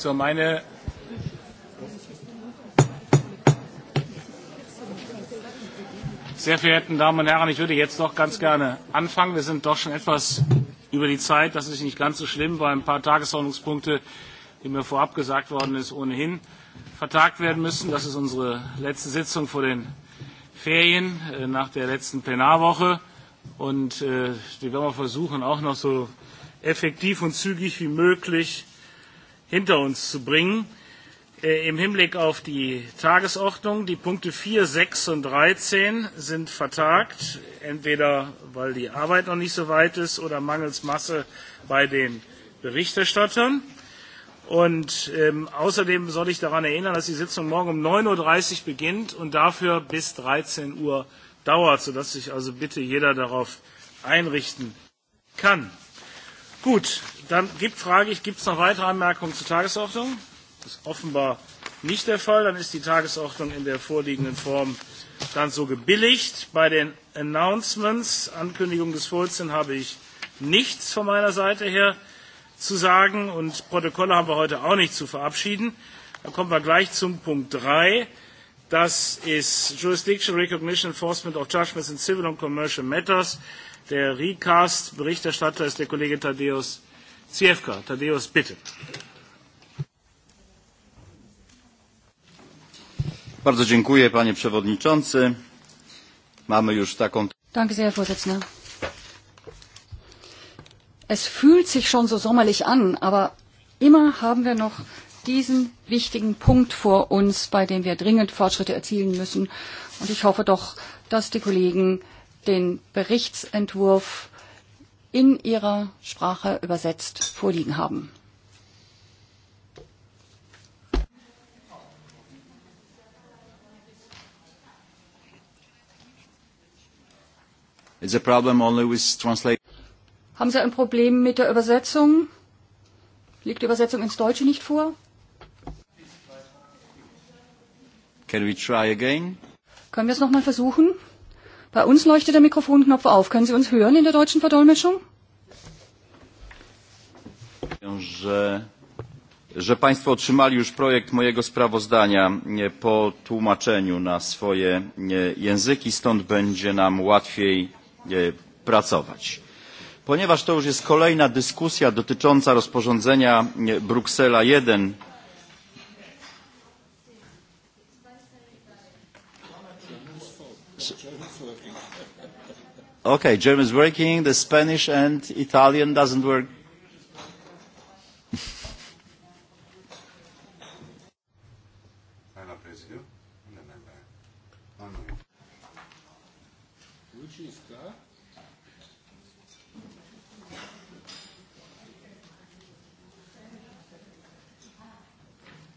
So meine sehr verehrten Damen und Herren, ich würde jetzt doch ganz gerne anfangen. Wir sind doch schon etwas über die Zeit. Das ist nicht ganz so schlimm, weil ein paar Tagesordnungspunkte, die mir vorab gesagt worden ist, ohnehin vertagt werden müssen. Das ist unsere letzte Sitzung vor den Ferien äh, nach der letzten Plenarwoche. Und äh, die werden wir versuchen, auch noch so effektiv und zügig wie möglich hinter uns zu bringen. Äh, Im Hinblick auf die Tagesordnung, die Punkte 4, 6 und 13 sind vertagt, entweder weil die Arbeit noch nicht so weit ist oder mangels Masse bei den Berichterstattern. Und ähm, außerdem soll ich daran erinnern, dass die Sitzung morgen um 9.30 Uhr beginnt und dafür bis 13 Uhr dauert, sodass sich also bitte jeder darauf einrichten kann. Gut, Dann gibt, frage ich, gibt es noch weitere Anmerkungen zur Tagesordnung? Das ist offenbar nicht der Fall. Dann ist die Tagesordnung in der vorliegenden Form dann so gebilligt. Bei den Announcements, Ankündigung des Vorsitzenden, habe ich nichts von meiner Seite her zu sagen und Protokolle haben wir heute auch nicht zu verabschieden. Dann kommen wir gleich zum Punkt 3. Das ist Jurisdiction Recognition Enforcement of Judgments in Civil and Commercial Matters. Der Recast Berichterstatter ist der Kollege Thaddeus Zwiefka, Tadeusz, bitte. Bardzo dziękuję, panie przewodniczący. Mamy już taką... Danke sehr, Vorsitzender. Es fühlt sich schon so sommerlich an, aber immer haben wir noch diesen wichtigen Punkt vor uns, bei dem wir dringend Fortschritte erzielen müssen. Und ich hoffe doch, dass die Kollegen den Berichtsentwurf in ihrer Sprache übersetzt vorliegen haben. Is a problem only with translation? Haben Sie ein Problem mit der Übersetzung? Liegt die Übersetzung ins Deutsche nicht vor? Can we try again? Können wir es nochmal versuchen? Bei uns leuchtet der Mikrofonknopf auf. Können Sie uns hören in der deutschen Verdolmetschung? Że, że Państwo otrzymali już projekt mojego sprawozdania po tłumaczeniu na swoje języki, stąd będzie nam łatwiej pracować. Ponieważ to już jest kolejna dyskusja dotycząca rozporządzenia Bruksela 1 Okay, German is working. The Spanish and Italian doesn't work.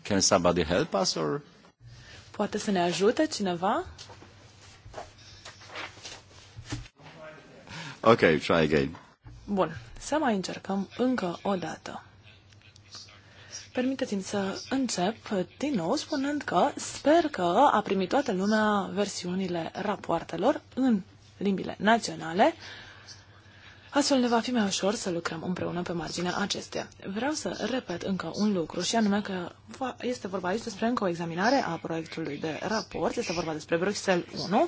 Can somebody help us or? Poate să ne ajute cineva? Ok, try again. Bun, să mai încercăm încă o dată. Permiteți-mi să încep din nou spunând că sper că a primit toată lumea versiunile rapoartelor în limbile naționale, astfel ne va fi mai ușor să lucrăm împreună pe marginea acestea. Vreau să repet încă un lucru și anume că este vorba aici despre încă o examinare a proiectului de raport, este vorba despre Bruxelles 1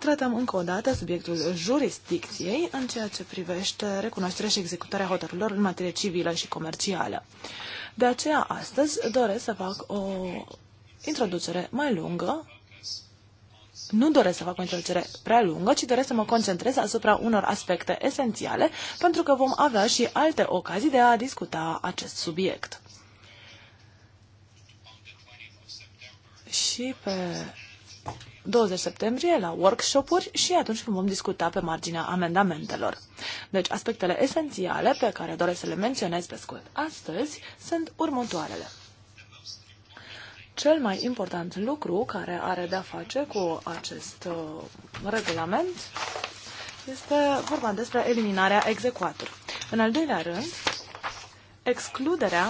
tratăm încă o dată subiectul jurisdicției în ceea ce privește recunoașterea și executarea hotărârilor în materie civilă și comercială. De aceea, astăzi, doresc să fac o introducere mai lungă. Nu doresc să fac o introducere prea lungă, ci doresc să mă concentrez asupra unor aspecte esențiale, pentru că vom avea și alte ocazii de a discuta acest subiect. Și pe 20 septembrie la workshop-uri și atunci vom discuta pe marginea amendamentelor. Deci, aspectele esențiale pe care doresc să le menționez pe scurt astăzi sunt următoarele. Cel mai important lucru care are de-a face cu acest uh, regulament este vorba despre eliminarea execuatorului. În al doilea rând, excluderea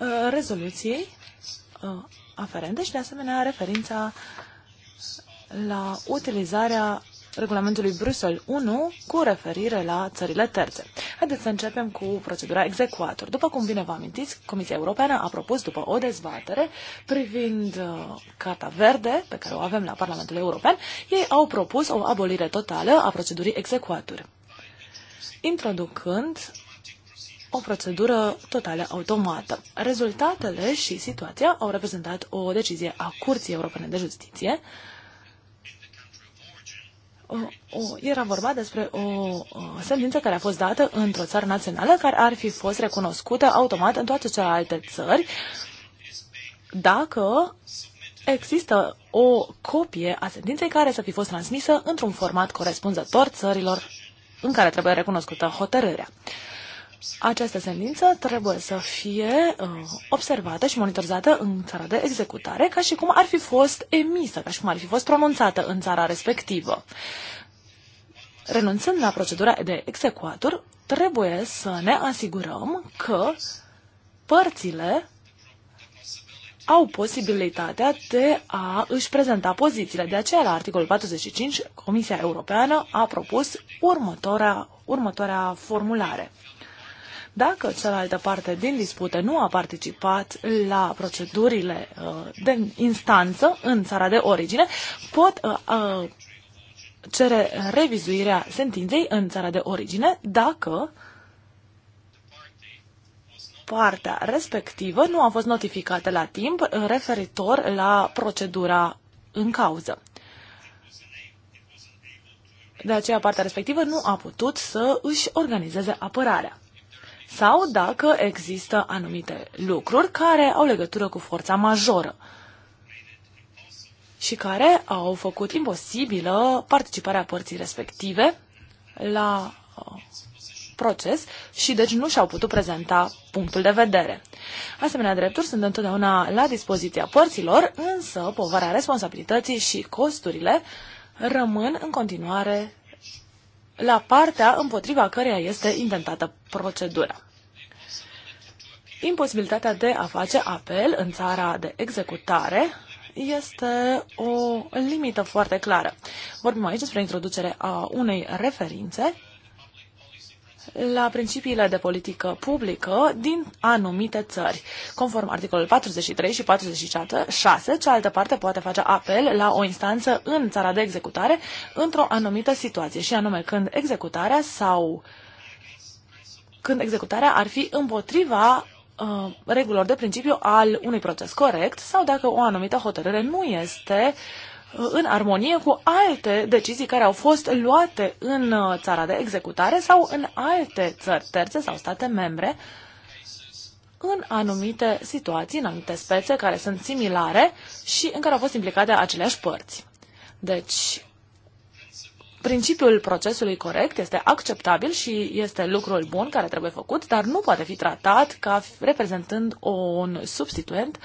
Uh, rezoluției uh, aferente și, de asemenea, referința la utilizarea regulamentului Brusel 1 cu referire la țările terțe. Haideți să începem cu procedura execuator. După cum bine vă amintiți, Comisia Europeană a propus după o dezbatere privind uh, Carta Verde pe care o avem la Parlamentul European, ei au propus o abolire totală a procedurii execuator, introducând o procedură totală automată. Rezultatele și situația au reprezentat o decizie a Curții Europene de Justiție. O, o, era vorba despre o, o sentință care a fost dată într-o țară națională care ar fi fost recunoscută automat în toate celelalte țări dacă există o copie a sentinței care să fi fost transmisă într-un format corespunzător țărilor în care trebuie recunoscută hotărârea această sentință trebuie să fie uh, observată și monitorizată în țara de executare, ca și cum ar fi fost emisă, ca și cum ar fi fost pronunțată în țara respectivă. Renunțând la procedura de execuator, trebuie să ne asigurăm că părțile au posibilitatea de a își prezenta pozițiile. De aceea, la articolul 45, Comisia Europeană a propus următoarea, următoarea formulare. Dacă cealaltă parte din dispute nu a participat la procedurile uh, de instanță în țara de origine, pot uh, uh, cere revizuirea sentinței în țara de origine dacă partea respectivă nu a fost notificată la timp referitor la procedura în cauză. De aceea, partea respectivă nu a putut să își organizeze apărarea sau dacă există anumite lucruri care au legătură cu forța majoră și care au făcut imposibilă participarea părții respective la uh, proces și deci nu și-au putut prezenta punctul de vedere. Asemenea, drepturi sunt întotdeauna la dispoziția părților, însă povara responsabilității și costurile rămân în continuare la partea împotriva căreia este inventată procedura. Imposibilitatea de a face apel în țara de executare este o limită foarte clară. Vorbim aici despre introducerea unei referințe la principiile de politică publică din anumite țări. Conform articolul 43 și 46, cealaltă parte poate face apel la o instanță în țara de executare într-o anumită situație, și anume când executarea sau când executarea ar fi împotriva uh, regulilor de principiu al unui proces corect sau dacă o anumită hotărâre nu este uh, în armonie cu alte decizii care au fost luate în uh, țara de executare sau în alte țări terțe sau state membre în anumite situații, în anumite spețe care sunt similare și în care au fost implicate aceleași părți. Deci, principiul procesului corect este acceptabil și este lucrul bun care trebuie făcut, dar nu poate fi tratat ca reprezentând un substituent uh,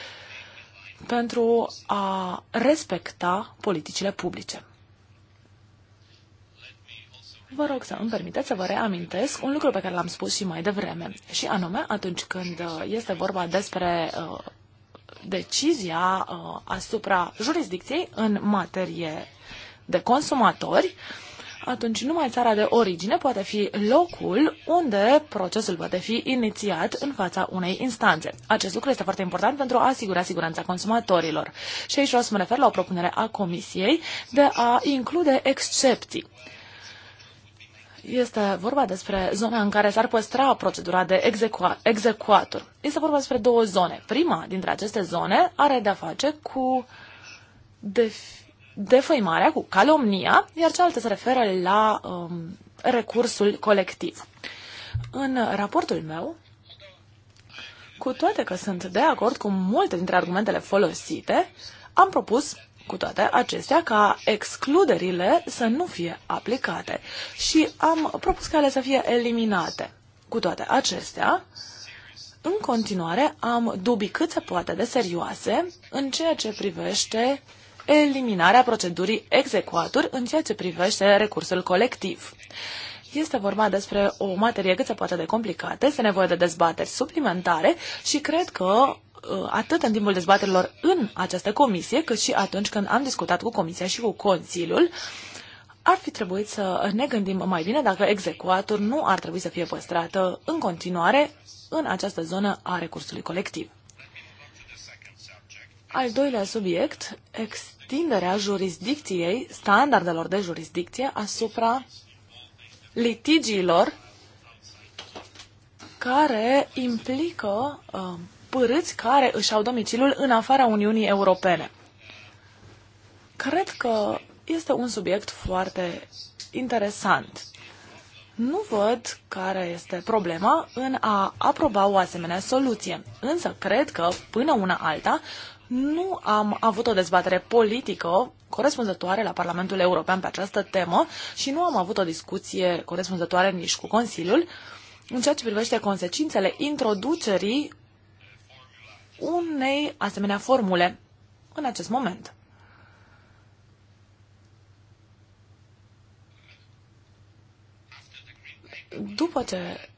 pentru a respecta politicile publice. Vă rog să îmi permiteți să vă reamintesc un lucru pe care l-am spus și mai devreme, și anume atunci când uh, este vorba despre uh, decizia uh, asupra jurisdicției în materie de consumatori, uh, atunci numai țara de origine poate fi locul unde procesul poate fi inițiat în fața unei instanțe. Acest lucru este foarte important pentru a asigura siguranța consumatorilor. Și aici vreau să mă refer la o propunere a Comisiei de a include excepții. Este vorba despre zona în care s-ar păstra procedura de execua- execuator. Este vorba despre două zone. Prima dintre aceste zone are de-a face cu def- defăimarea, cu calomnia, iar cealaltă se referă la um, recursul colectiv. În raportul meu, cu toate că sunt de acord cu multe dintre argumentele folosite, am propus cu toate acestea ca excluderile să nu fie aplicate și am propus ca ele să fie eliminate. Cu toate acestea, în continuare am dubii cât se poate de serioase în ceea ce privește uh, eliminarea procedurii execuatur în ceea ce privește recursul colectiv. Este vorba despre o materie cât se poate de complicată, este nevoie de dezbateri suplimentare și cred că uh, atât în timpul dezbaterilor în această comisie, cât și atunci când am discutat cu comisia și cu Consiliul, ar fi trebuit să ne gândim mai bine dacă execuatul nu ar trebui să fie păstrată în continuare în această zonă a recursului colectiv. Al doilea subiect, extinderea jurisdicției, standardelor de jurisdicție asupra litigiilor care implică uh, părâți care își au domiciliul în afara Uniunii Europene. Cred că este un subiect foarte interesant. Nu văd care este problema în a aproba o asemenea soluție, însă cred că, până una alta, nu am avut o dezbatere politică corespunzătoare la Parlamentul European pe această temă și nu am avut o discuție corespunzătoare nici cu Consiliul în ceea ce privește consecințele introducerii unei asemenea formule în acest moment. După ce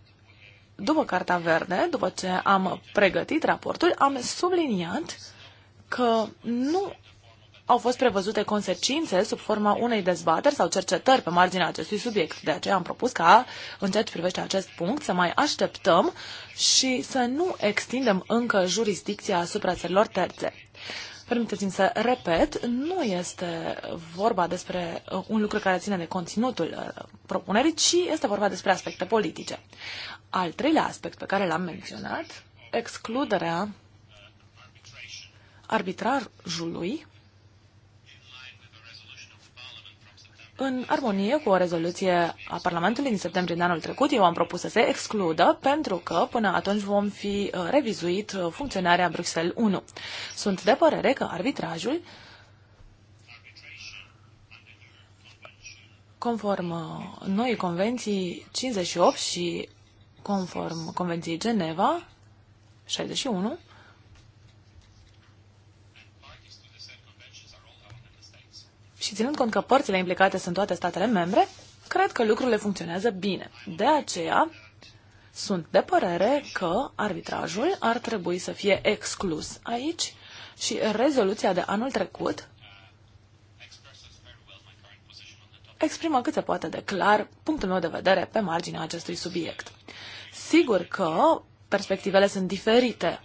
după Carta Verde, după ce am pregătit raportul, am subliniat că nu au fost prevăzute consecințe sub forma unei dezbateri sau cercetări pe marginea acestui subiect. De aceea am propus ca, în ceea ce privește acest punct, să mai așteptăm și să nu extindem încă jurisdicția asupra țărilor terțe. Permiteți-mi să repet, nu este vorba despre uh, un lucru care ține de conținutul uh, propunerii, ci este vorba despre aspecte politice. Al treilea aspect pe care l-am menționat, excluderea arbitrajului în armonie cu o rezoluție a Parlamentului din septembrie de anul trecut, eu am propus să se excludă pentru că până atunci vom fi uh, revizuit uh, funcționarea Bruxelles 1. Sunt de părere că arbitrajul, conform uh, noii convenții 58 și conform convenției Geneva 61, și ținând cont că părțile implicate sunt toate statele membre, cred că lucrurile funcționează bine. De aceea, sunt de părere că arbitrajul ar trebui să fie exclus aici și rezoluția de anul trecut exprimă cât se poate de clar punctul meu de vedere pe marginea acestui subiect. Sigur că perspectivele sunt diferite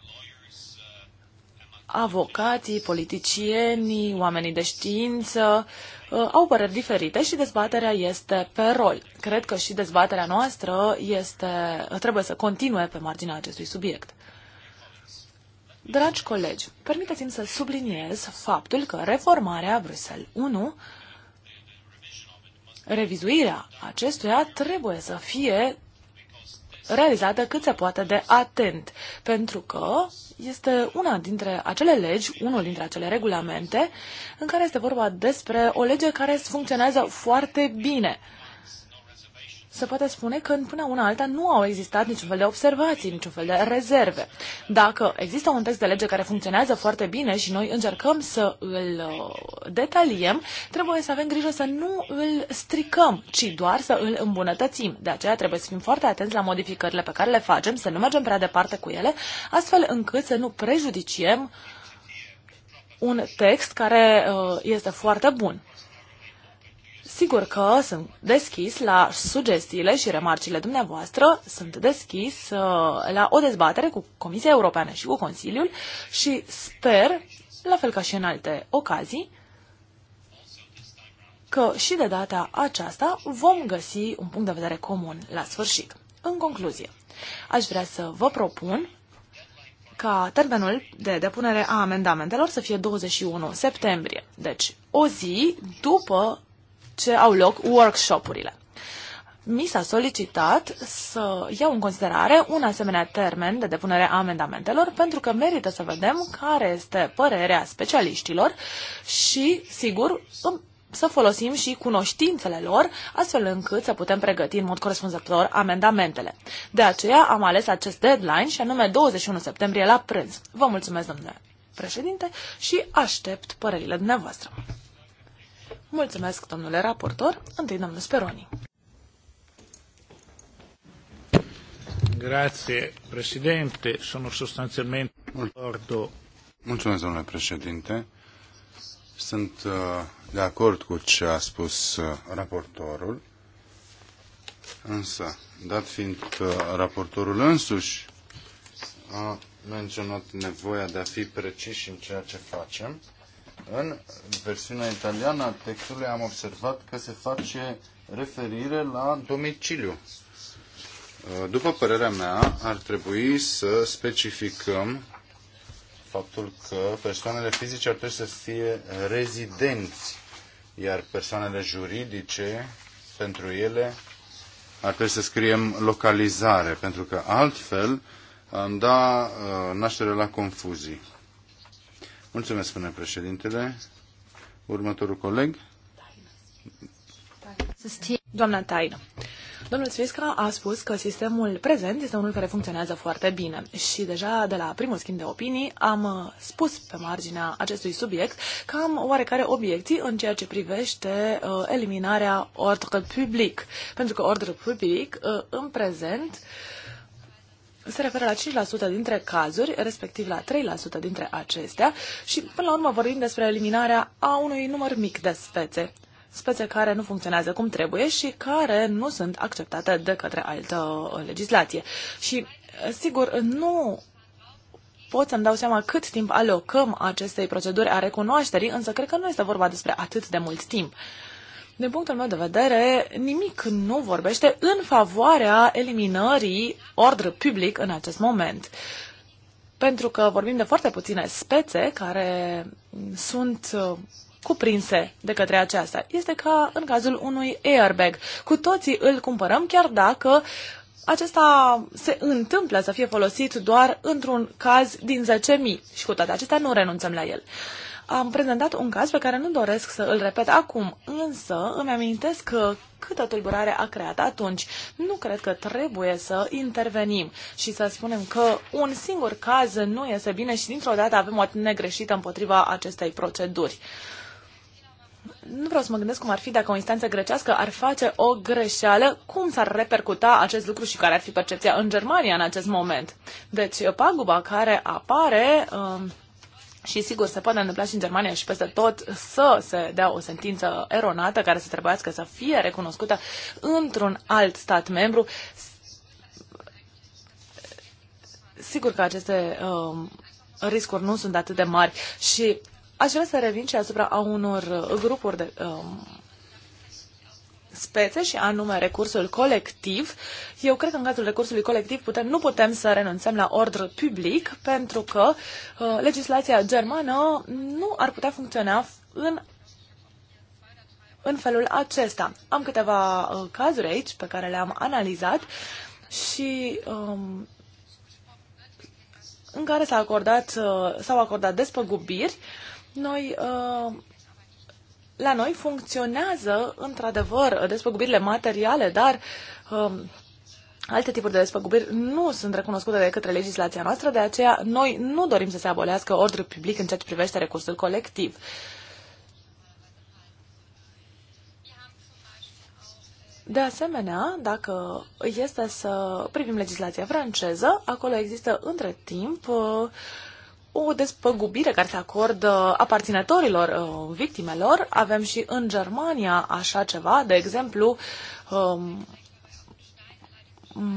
avocații, politicienii, oamenii de știință uh, au păreri diferite și dezbaterea este pe rol. Cred că și dezbaterea noastră este, trebuie să continue pe marginea acestui subiect. Dragi colegi, permiteți-mi să subliniez faptul că reformarea Bruxelles 1, revizuirea acestuia trebuie să fie realizată cât se poate de atent, pentru că este una dintre acele legi, unul dintre acele regulamente, în care este vorba despre o lege care funcționează foarte bine se poate spune că până una alta nu au existat niciun fel de observații, niciun fel de rezerve. Dacă există un text de lege care funcționează foarte bine și noi încercăm să îl uh, detaliem, trebuie să avem grijă să nu îl stricăm, ci doar să îl îmbunătățim. De aceea trebuie să fim foarte atenți la modificările pe care le facem, să nu mergem prea departe cu ele, astfel încât să nu prejudiciem un text care uh, este foarte bun. Sigur că sunt deschis la sugestiile și remarcile dumneavoastră, sunt deschis uh, la o dezbatere cu Comisia Europeană și cu Consiliul și sper, la fel ca și în alte ocazii, că și de data aceasta vom găsi un punct de vedere comun la sfârșit. În concluzie, aș vrea să vă propun ca termenul de depunere a amendamentelor să fie 21 septembrie, deci o zi după ce au loc workshopurile. Mi s-a solicitat să iau în considerare un asemenea termen de depunere a amendamentelor pentru că merită să vedem care este părerea specialiștilor și, sigur, să folosim și cunoștințele lor, astfel încât să putem pregăti în mod corespunzător amendamentele. De aceea am ales acest deadline și anume 21 septembrie la prânz. Vă mulțumesc, domnule președinte, și aștept părerile dumneavoastră. Mulțumesc, domnule raportor. Întâi, domnul Speroni. Grazie, președinte. Mulțumesc, domnule președinte. Sunt uh, de acord cu ce a spus uh, raportorul, însă, dat fiind că uh, raportorul însuși a menționat nevoia de a fi preciși în ceea ce facem, în versiunea italiană a textului am observat că se face referire la domiciliu. Uh, după părerea mea, ar trebui să specificăm faptul că persoanele fizice ar trebui să fie rezidenți, iar persoanele juridice, pentru ele, ar trebui să scriem localizare, pentru că altfel am da uh, naștere la confuzii. Mulțumesc, spune președintele. Următorul coleg. Doamna Taină. Domnul Svisca a spus că sistemul prezent este unul care funcționează foarte bine și deja de la primul schimb de opinii am uh, spus pe marginea acestui subiect că am oarecare obiecții în ceea ce privește uh, eliminarea ordre public, pentru că ordre public uh, în prezent uh, se referă la 5% dintre cazuri, respectiv la 3% dintre acestea și până la urmă vorbim despre eliminarea a unui număr mic de spețe. Spețe care nu funcționează cum trebuie și care nu sunt acceptate de către altă uh, legislație. Și, uh, sigur, nu pot să-mi dau seama cât timp alocăm acestei proceduri a recunoașterii, însă cred că nu este vorba despre atât de mult timp. Uh, din punctul meu de vedere, nimic nu vorbește în favoarea eliminării ordre public în acest moment. Pentru că vorbim de foarte puține spețe care sunt uh, cuprinse de către aceasta. Este ca în cazul unui airbag. Cu toții îl cumpărăm chiar dacă acesta se întâmplă să fie folosit doar într-un caz din 10.000 și cu toate acestea nu renunțăm la el. Am prezentat un caz pe care nu doresc să îl repet acum, însă îmi amintesc că câtă tulburare a creat atunci. Nu cred că trebuie să intervenim și să spunem că un singur caz nu este bine și dintr-o dată avem o atitudine greșită împotriva acestei proceduri. Nu vreau să mă gândesc cum ar fi dacă o instanță grecească ar face o greșeală, cum s-ar repercuta acest lucru și care ar fi percepția în Germania în acest moment. Deci, paguba care apare. Uh, și sigur se poate întâmpla și în Germania și peste tot să se dea o sentință eronată care să trebuiască să fie recunoscută într-un alt stat membru. Sigur că aceste um, riscuri nu sunt atât de mari și aș vrea să revin și asupra a unor uh, grupuri de um, spețe și anume recursul colectiv. Eu cred că în cazul recursului colectiv putem, nu putem să renunțăm la ordre public pentru că uh, legislația germană nu ar putea funcționa în în felul acesta. Am câteva uh, cazuri aici pe care le-am analizat și um, în care s au acordat, uh, s-au acordat despăgubiri. Noi uh, la noi funcționează, într-adevăr, despăgubirile materiale, dar um, alte tipuri de despăgubiri nu sunt recunoscute de către legislația noastră, de aceea noi nu dorim să se abolească ordinul public în ceea ce privește recursul colectiv. De asemenea, dacă este să privim legislația franceză, acolo există între timp uh, o despăgubire care se acordă aparținătorilor uh, victimelor. Avem și în Germania așa ceva, de exemplu, um,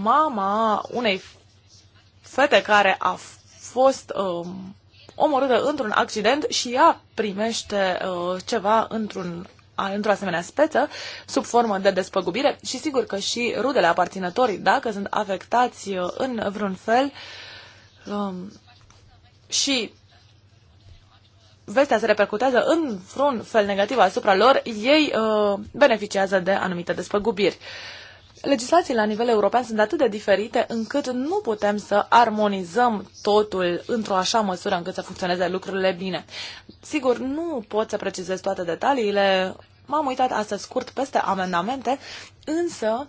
mama unei fete care a fost um, omorâtă într-un accident și ea primește uh, ceva într-un într-o asemenea speță, sub formă de despăgubire și sigur că și rudele aparținătorii, dacă sunt afectați uh, în vreun fel, um, și vestea se repercutează în vreun fel negativ asupra lor, ei uh, beneficiază de anumite despăgubiri. Legislațiile la nivel european sunt atât de diferite încât nu putem să armonizăm totul într-o așa măsură încât să funcționeze lucrurile bine. Sigur, nu pot să precizez toate detaliile. M-am uitat astăzi scurt peste amendamente, însă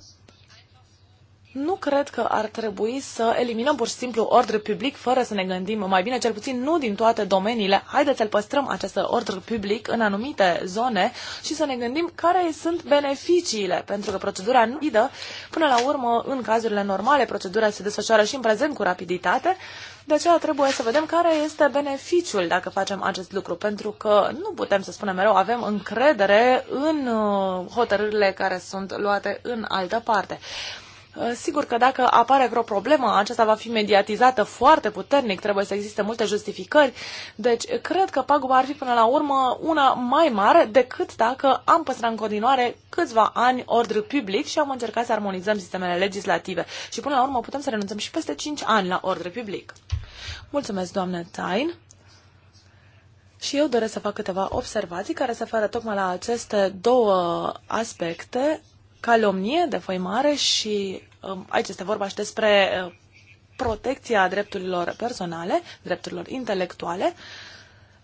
nu cred că ar trebui să eliminăm pur și simplu ordre public fără să ne gândim mai bine, cel puțin nu din toate domeniile. Haideți să-l păstrăm acest ordre public în anumite zone și să ne gândim care sunt beneficiile, pentru că procedura nu idă. Până la urmă, în cazurile normale, procedura se desfășoară și în prezent cu rapiditate, de aceea trebuie să vedem care este beneficiul dacă facem acest lucru, pentru că nu putem să spunem mereu avem încredere în uh, hotărârile care sunt luate în altă parte. Uh, sigur că dacă apare vreo problemă, aceasta va fi mediatizată foarte puternic, trebuie să existe multe justificări, deci cred că paguba ar fi până la urmă una mai mare decât dacă am păstrat în continuare câțiva ani ordru public și am încercat să armonizăm sistemele legislative. Și până la urmă putem să renunțăm și peste 5 ani la ordru public. Mulțumesc, doamnă Tain. Și eu doresc să fac câteva observații care se fără tocmai la aceste două aspecte calomnie, defăimare și um, aici este vorba și despre uh, protecția drepturilor personale, drepturilor intelectuale.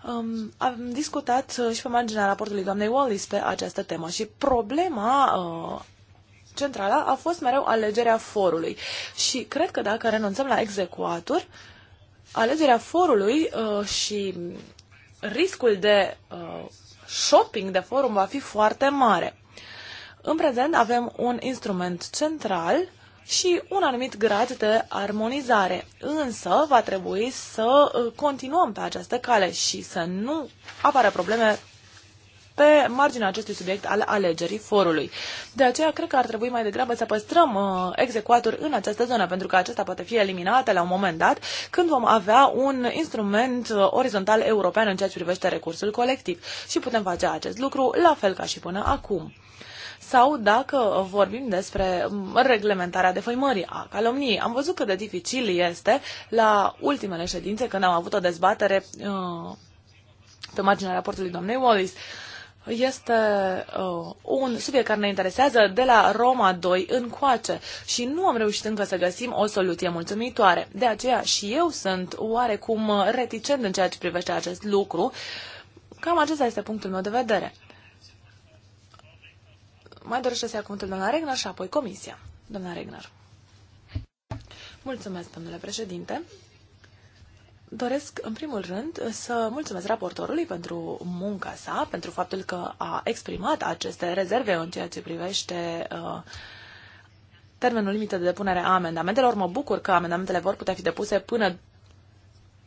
Um, am discutat uh, și pe marginea raportului doamnei Wallis pe această temă și problema uh, centrală a fost mereu alegerea forului. Și cred că dacă renunțăm la execuator, alegerea forului uh, și riscul de uh, shopping de forum va fi foarte mare. În prezent avem un instrument central și un anumit grad de armonizare. Însă va trebui să uh, continuăm pe această cale și să nu apară probleme pe marginea acestui subiect al alegerii forului. De aceea, cred că ar trebui mai degrabă să păstrăm uh, execuator în această zonă, pentru că acesta poate fi eliminat la un moment dat, când vom avea un instrument uh, orizontal european în ceea ce privește recursul colectiv. Și putem face acest lucru la fel ca și până acum sau dacă vorbim despre reglementarea defăimării a calomniei. Am văzut cât de dificil este la ultimele ședințe când am avut o dezbatere uh, pe marginea raportului doamnei Wallis. Este uh, un subiect care ne interesează de la Roma 2 încoace și nu am reușit încă să găsim o soluție mulțumitoare. De aceea și eu sunt oarecum reticent în ceea ce privește acest lucru. Cam acesta este punctul meu de vedere. Mai dorește să ia cuvântul doamna Regner și apoi comisia. Doamna Regner. Mulțumesc, domnule președinte. Doresc, în primul rând, să mulțumesc raportorului pentru munca sa, pentru faptul că a exprimat aceste rezerve în ceea ce privește uh, termenul limită de depunere a amendamentelor. Mă bucur că amendamentele vor putea fi depuse până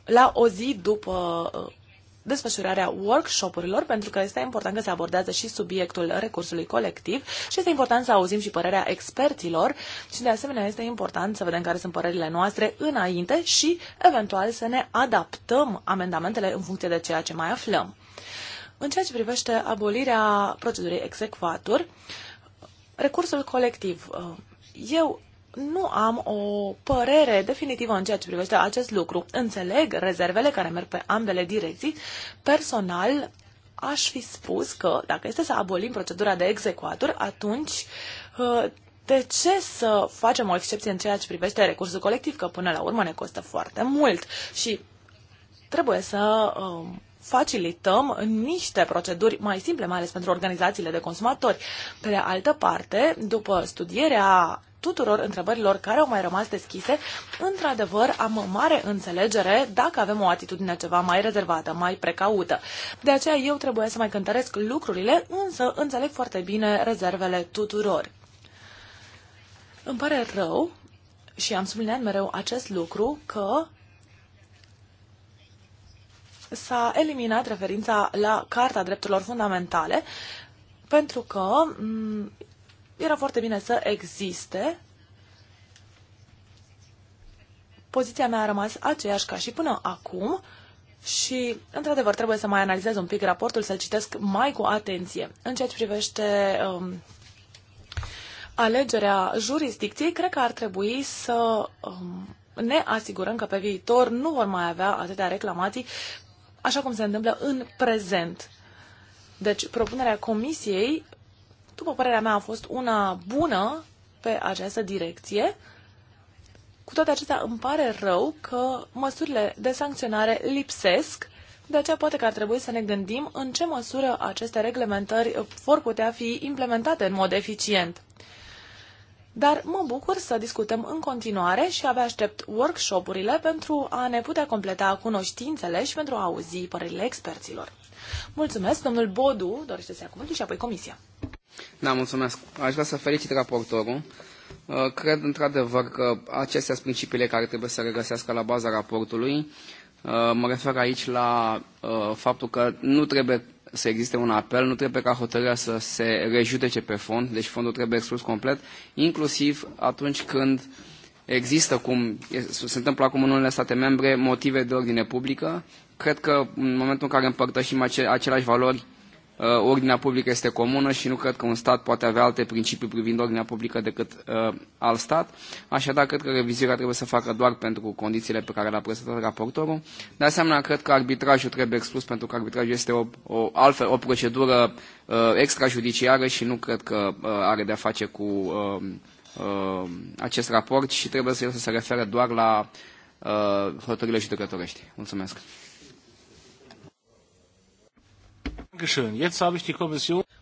la o zi după uh, desfășurarea workshop-urilor, pentru că este important că se abordează și subiectul recursului colectiv și este important să auzim și părerea experților și de asemenea este important să vedem care sunt părerile noastre înainte și eventual să ne adaptăm amendamentele în funcție de ceea ce mai aflăm. În ceea ce privește abolirea procedurii execvatur, recursul colectiv, eu nu am o părere definitivă în ceea ce privește acest lucru. Înțeleg rezervele care merg pe ambele direcții. Personal, aș fi spus că dacă este să abolim procedura de execuator, atunci uh, de ce să facem o excepție în ceea ce privește recursul colectiv, că până la urmă ne costă foarte mult și trebuie să um, facilităm niște proceduri mai simple, mai ales pentru organizațiile de consumatori. Pe de altă parte, după studierea tuturor întrebărilor care au mai rămas deschise. Într-adevăr, am mare înțelegere dacă avem o atitudine ceva mai rezervată, mai precaută. De aceea eu trebuie să mai cântăresc lucrurile, însă înțeleg foarte bine rezervele tuturor. Îmi pare rău și am subliniat mereu acest lucru că s-a eliminat referința la Carta Drepturilor Fundamentale pentru că era foarte bine să existe. Poziția mea a rămas aceeași ca și până acum și, într-adevăr, trebuie să mai analizez un pic raportul, să-l citesc mai cu atenție. În ceea ce privește um, alegerea jurisdicției, cred că ar trebui să um, ne asigurăm că pe viitor nu vor mai avea atâtea reclamații, așa cum se întâmplă în prezent. Deci, propunerea comisiei după părerea mea, a fost una bună pe această direcție. Cu toate acestea, îmi pare rău că măsurile de sancționare lipsesc, de aceea poate că ar trebui să ne gândim în ce măsură aceste reglementări vor putea fi implementate în mod eficient. Dar mă bucur să discutăm în continuare și abia aștept workshopurile pentru a ne putea completa cunoștințele și pentru a auzi părerile experților. Mulțumesc, domnul Bodu dorește să ia cuvântul și apoi comisia. Da, mulțumesc. Aș vrea să felicit raportorul. Uh, cred într-adevăr că acestea sunt principiile care trebuie să regăsească la baza raportului. Uh, mă refer aici la uh, faptul că nu trebuie să existe un apel, nu trebuie ca hotărârea să se rejudece pe fond, deci fondul trebuie exclus complet, inclusiv atunci când există, cum se întâmplă acum în unele state membre, motive de ordine publică. Cred că în momentul în care împărtășim aceleași valori Uh, ordinea publică este comună și nu cred că un stat poate avea alte principii privind ordinea publică decât uh, alt stat. Așadar, cred că revizuirea trebuie să facă doar pentru condițiile pe care le-a prezentat raportorul. De asemenea, cred că arbitrajul trebuie exclus pentru că arbitrajul este o, o, altfel, o procedură uh, extrajudiciară și nu cred că uh, are de-a face cu uh, uh, acest raport și trebuie să, să se refere doar la uh, hotările judecătorești. Mulțumesc!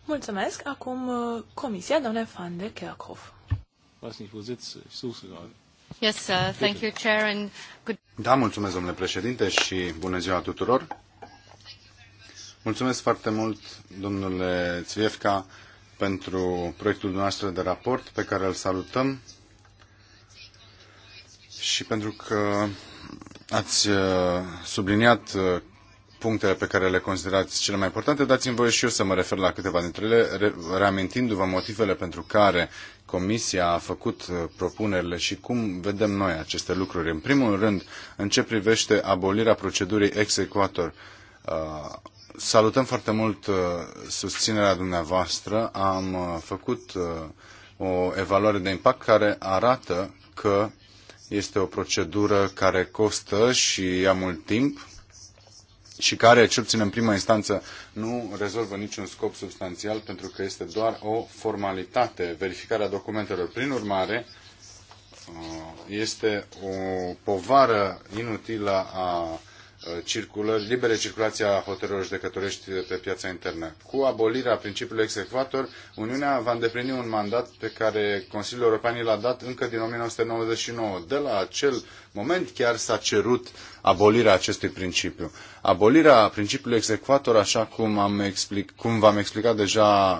Mulțumesc. Acum uh, Comisia, doamne Van de Kerkhoff. Yes, uh, thank you, Chair, and good... Da, mulțumesc, domnule președinte, și bună ziua tuturor. Mulțumesc foarte mult, domnule Țviefca, pentru proiectul noastră de raport pe care îl salutăm și pentru că ați uh, subliniat uh, punctele pe care le considerați cele mai importante. Dați-mi voie și eu să mă refer la câteva dintre ele, re reamintindu-vă motivele pentru care Comisia a făcut uh, propunerile și cum vedem noi aceste lucruri. În primul rând, în ce privește abolirea procedurii ex-equator, uh, salutăm foarte mult uh, susținerea dumneavoastră. Am făcut o evaluare de impact care arată că este o procedură care costă și ia mult timp, și care, cel puțin în prima instanță, nu rezolvă niciun scop substanțial pentru că este doar o formalitate, verificarea documentelor. Prin urmare, uh, este o povară inutilă a Uh, circulări, libere circulație a hotărârilor judecătorești pe piața internă. Cu abolirea principiului execvator, Uniunea va îndeplini un mandat pe care Consiliul European l-a dat încă din 1999. De la acel moment chiar s-a cerut abolirea acestui principiu. Abolirea principiului execvator, așa cum, am explic, cum v-am explicat deja,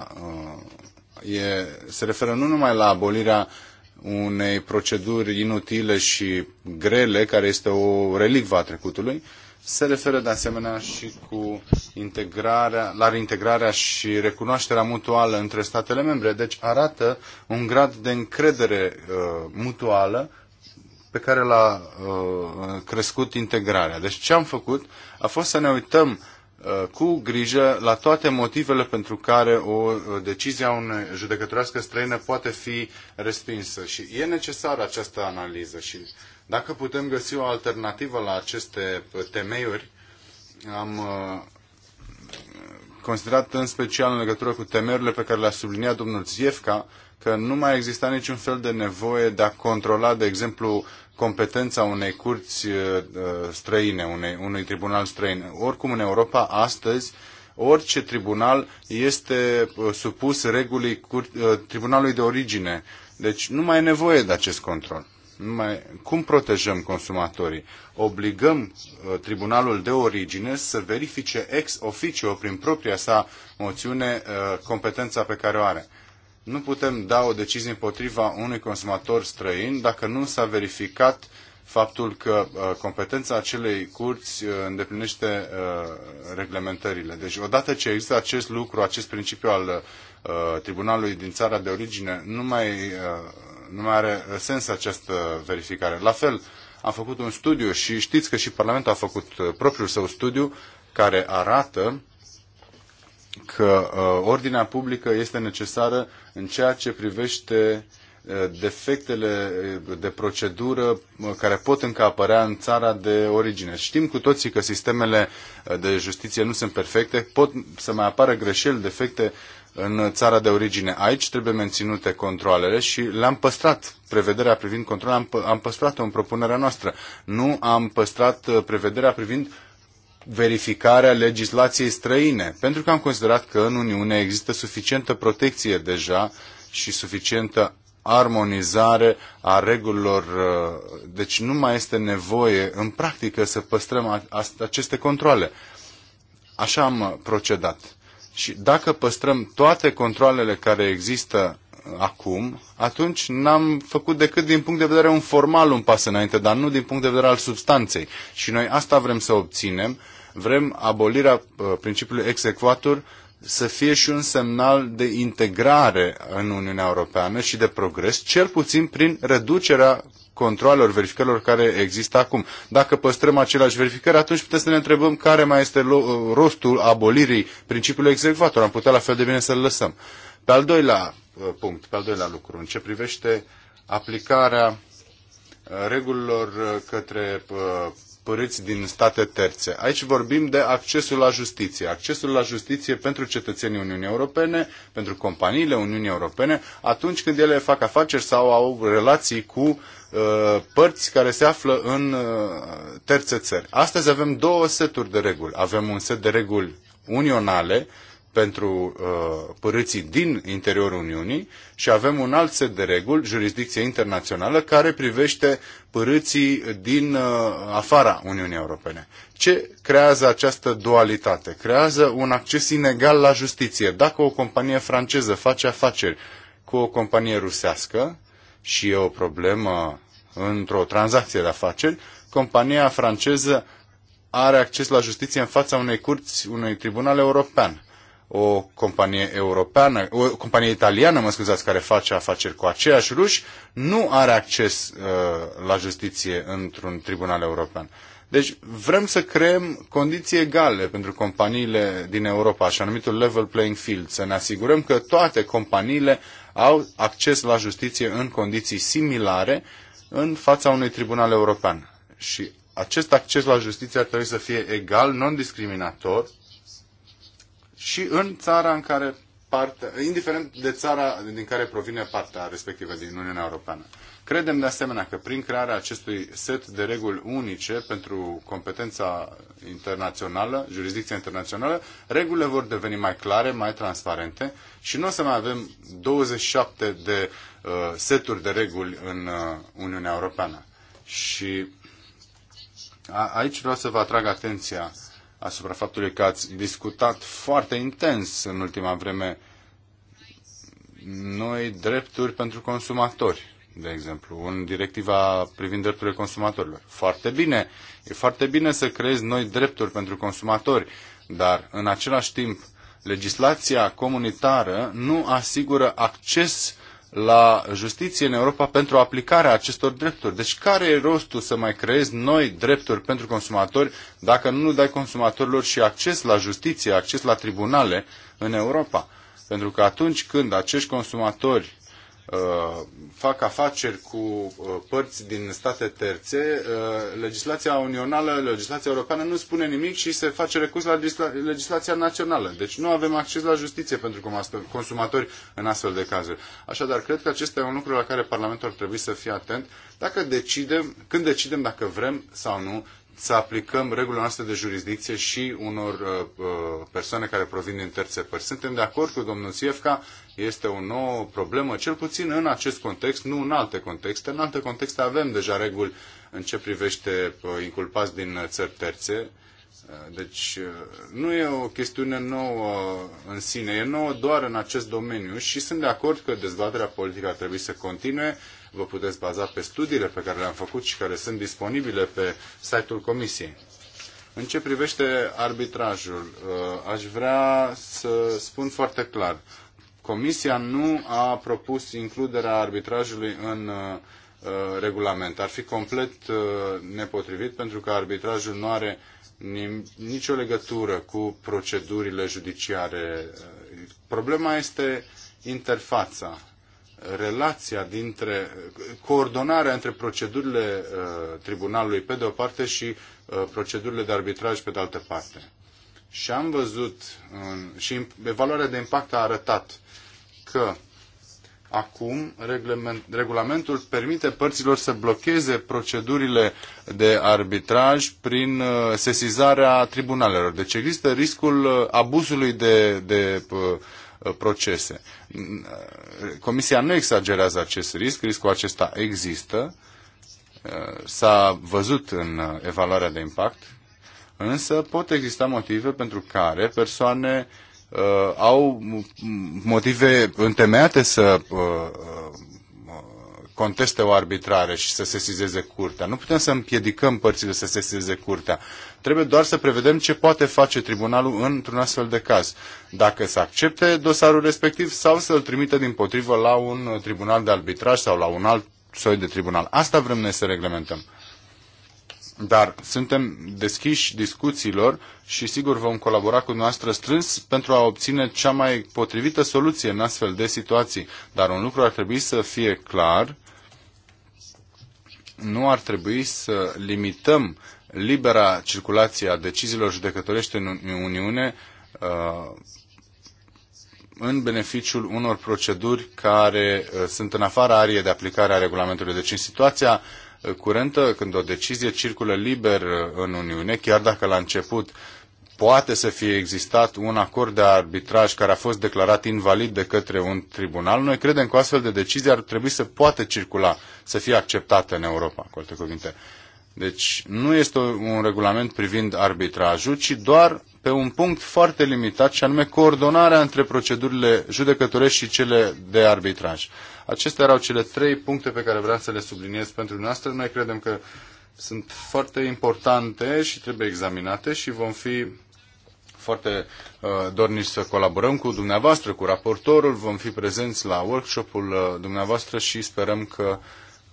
uh, e, se referă nu numai la abolirea unei proceduri inutile și grele, care este o relicvă a trecutului, se referă de asemenea și cu integrarea, la reintegrarea și recunoașterea mutuală între statele membre. Deci arată un grad de încredere uh, mutuală pe care l-a uh, crescut integrarea. Deci ce am făcut a fost să ne uităm uh, cu grijă la toate motivele pentru care o uh, decizie a unei judecătorească străine poate fi respinsă. Și e necesară această analiză și uh, dacă putem găsi o alternativă la aceste temeiuri, am uh, considerat în special în legătură cu temerile pe care le-a subliniat domnul Ziefka, că nu mai exista niciun fel de nevoie de a controla, de exemplu, competența unei curți uh, uh, străine, unei, unui tribunal străin. Oricum, în Europa, astăzi, orice tribunal este supus regulii cur, tribunalului de origine. Deci nu mai e nevoie de acest control. Numai cum protejăm consumatorii? Obligăm uh, tribunalul de origine să verifice ex officio prin propria sa moțiune uh, competența pe care o are. Nu putem da o decizie împotriva unui consumator străin dacă nu s-a verificat faptul că uh, competența acelei curți uh, îndeplinește uh, reglementările. Deci odată ce există acest lucru, acest principiu al uh, tribunalului din țara de origine, nu mai nu mai are uh, sens această verificare. La fel, am făcut un studiu și știți că și Parlamentul a făcut uh, propriul său studiu care arată că uh, ordinea publică este necesară în ceea ce privește uh, defectele de procedură care pot încă apărea în țara de origine. Știm cu toții că sistemele de justiție nu sunt perfecte, pot să mai apară greșeli, defecte în țara de origine. Aici trebuie menținute controlele și le-am păstrat, prevederea privind controlele, am, am păstrat-o în propunerea noastră. Nu am păstrat uh, prevederea privind verificarea legislației străine, pentru că am considerat că în Uniune există suficientă protecție deja și suficientă armonizare a regulilor. Uh, deci nu mai este nevoie în practică să păstrăm aceste controle. Așa am procedat. Și dacă păstrăm toate controlele care există uh, acum, atunci n-am făcut decât din punct de vedere un formal un pas înainte, dar nu din punct de vedere al substanței. Și noi asta vrem să obținem. Vrem abolirea uh, principiului exequatur să fie și un semnal de integrare în Uniunea Europeană și de progres, cel puțin prin reducerea controalelor, verificărilor care există acum. Dacă păstrăm aceleași verificări, atunci putem să ne întrebăm care mai este rostul abolirii principiului executator. Am putea la fel de bine să-l lăsăm. Pe al doilea uh, punct, pe al doilea lucru, în ce privește aplicarea uh, regulilor uh, către dispăruți din state terțe. Aici vorbim de accesul la justiție. Accesul la justiție pentru cetățenii Uniunii Europene, pentru companiile Uniunii Europene, atunci când ele fac afaceri sau au relații cu uh, părți care se află în uh, terțe țări. Astăzi avem două seturi de reguli. Avem un set de reguli unionale uh, pentru uh, părâții din interiorul Uniunii și avem un alt set de reguli, jurisdicție internațională, care privește părâții din uh, afara Uniunii Europene. Ce creează această dualitate? Creează un acces inegal la justiție. Dacă o companie franceză face afaceri cu o companie rusească și e o problemă într-o tranzacție de afaceri, compania franceză are acces la justiție în fața unei curți, unui tribunal european o companie europeană, o companie italiană, mă scuzați, care face afaceri cu aceiași ruși, nu are acces uh, la justiție într-un tribunal european. Deci vrem să creăm condiții egale pentru companiile din Europa, așa numitul level playing field, să ne asigurăm că toate companiile au acces la justiție în condiții similare în fața unui tribunal european. Și acest acces la justiție ar trebui să fie egal, non-discriminator și în țara în care parte, indiferent de țara din care provine partea respectivă din Uniunea Europeană. Credem de asemenea că prin crearea acestui set de reguli unice pentru competența internațională, jurisdicția internațională, regulile vor deveni mai clare, mai transparente și nu o să mai avem 27 de uh, seturi de reguli în uh, Uniunea Europeană. Și a, aici vreau să vă atrag atenția asupra faptului că ați discutat foarte intens în ultima vreme noi drepturi pentru consumatori, de exemplu, în directiva privind drepturile consumatorilor. Foarte bine, e foarte bine să creezi noi drepturi pentru consumatori, dar în același timp legislația comunitară nu asigură acces la justiție în Europa pentru aplicarea acestor drepturi. Deci care e rostul să mai creezi noi drepturi pentru consumatori dacă nu dai consumatorilor și acces la justiție, acces la tribunale în Europa? Pentru că atunci când acești consumatori Uh, fac afaceri cu uh, părți din state terțe, uh, legislația unională, legislația europeană nu spune nimic și se face recurs la legislația națională. Deci nu avem acces la justiție pentru consumatori în astfel de cazuri. Așadar, cred că acesta e un lucru la care Parlamentul ar trebui să fie atent dacă decidem, când decidem dacă vrem sau nu să aplicăm regulile noastre de jurisdicție și unor uh, uh, persoane care provin din terțe părți. Suntem de acord cu domnul Siefca, este o nouă problemă, cel puțin în acest context, nu în alte contexte. În alte contexte avem deja reguli în ce privește uh, inculpați din uh, țări terțe. Uh, deci nu e o chestiune nouă în sine, e nouă doar în acest domeniu și sunt de acord că dezbaterea politică ar trebui să continue vă puteți baza pe studiile pe care le-am făcut și care sunt disponibile pe site-ul Comisiei. În ce privește arbitrajul, uh, aș vrea să spun foarte clar. Comisia nu a propus includerea arbitrajului în uh, uh, regulament. Ar fi complet nepotrivit pentru că arbitrajul nu are nicio legătură cu procedurile judiciare. Problema este interfața relația dintre coordonarea între procedurile uh, tribunalului pe de o parte și uh, procedurile de arbitraj pe de altă parte. Și am văzut și evaluarea de impact a arătat că acum regulamentul permite părților să blocheze procedurile de arbitraj prin uh, sesizarea tribunalelor. Deci există riscul abuzului de, de Uh, procese. Comisia nu exagerează acest risc, riscul acesta există, uh, s-a văzut în uh, evaluarea de impact, însă pot exista motive pentru care persoane au motive întemeiate să conteste o arbitrare și să sesizeze curtea. Nu putem să împiedicăm părțile să sesizeze curtea. Trebuie doar să prevedem ce poate face tribunalul într-un astfel de caz. Dacă să accepte dosarul respectiv sau să-l trimite din potrivă la un tribunal de arbitraj sau la un alt soi de tribunal. Asta vrem noi să reglementăm. Dar suntem deschiși discuțiilor și sigur vom colabora cu dumneavoastră strâns pentru a obține cea mai potrivită soluție în astfel de situații. Dar un lucru ar trebui să fie clar, nu ar trebui să limităm libera circulație a deciziilor judecătorești în Uniune uh, în beneficiul unor proceduri care uh, sunt în afara ariei de aplicare a regulamentului. Deci în situația curentă, când o decizie circulă liber uh, în Uniune, chiar dacă la început poate să fie existat un acord de arbitraj care a fost declarat invalid de către un tribunal, noi credem că o astfel de decizie ar trebui să poată circula, să fie acceptată în Europa, cu alte cuvinte. Deci nu este un regulament privind arbitrajul, ci doar pe un punct foarte limitat, și anume coordonarea între procedurile judecătorești și cele de arbitraj. Acestea erau cele trei puncte pe care vreau să le subliniez pentru noastră. Noi credem că sunt foarte importante și trebuie examinate și vom fi foarte uh, dorniți să colaborăm cu dumneavoastră, cu raportorul, vom fi prezenți la workshopul uh, dumneavoastră și sperăm că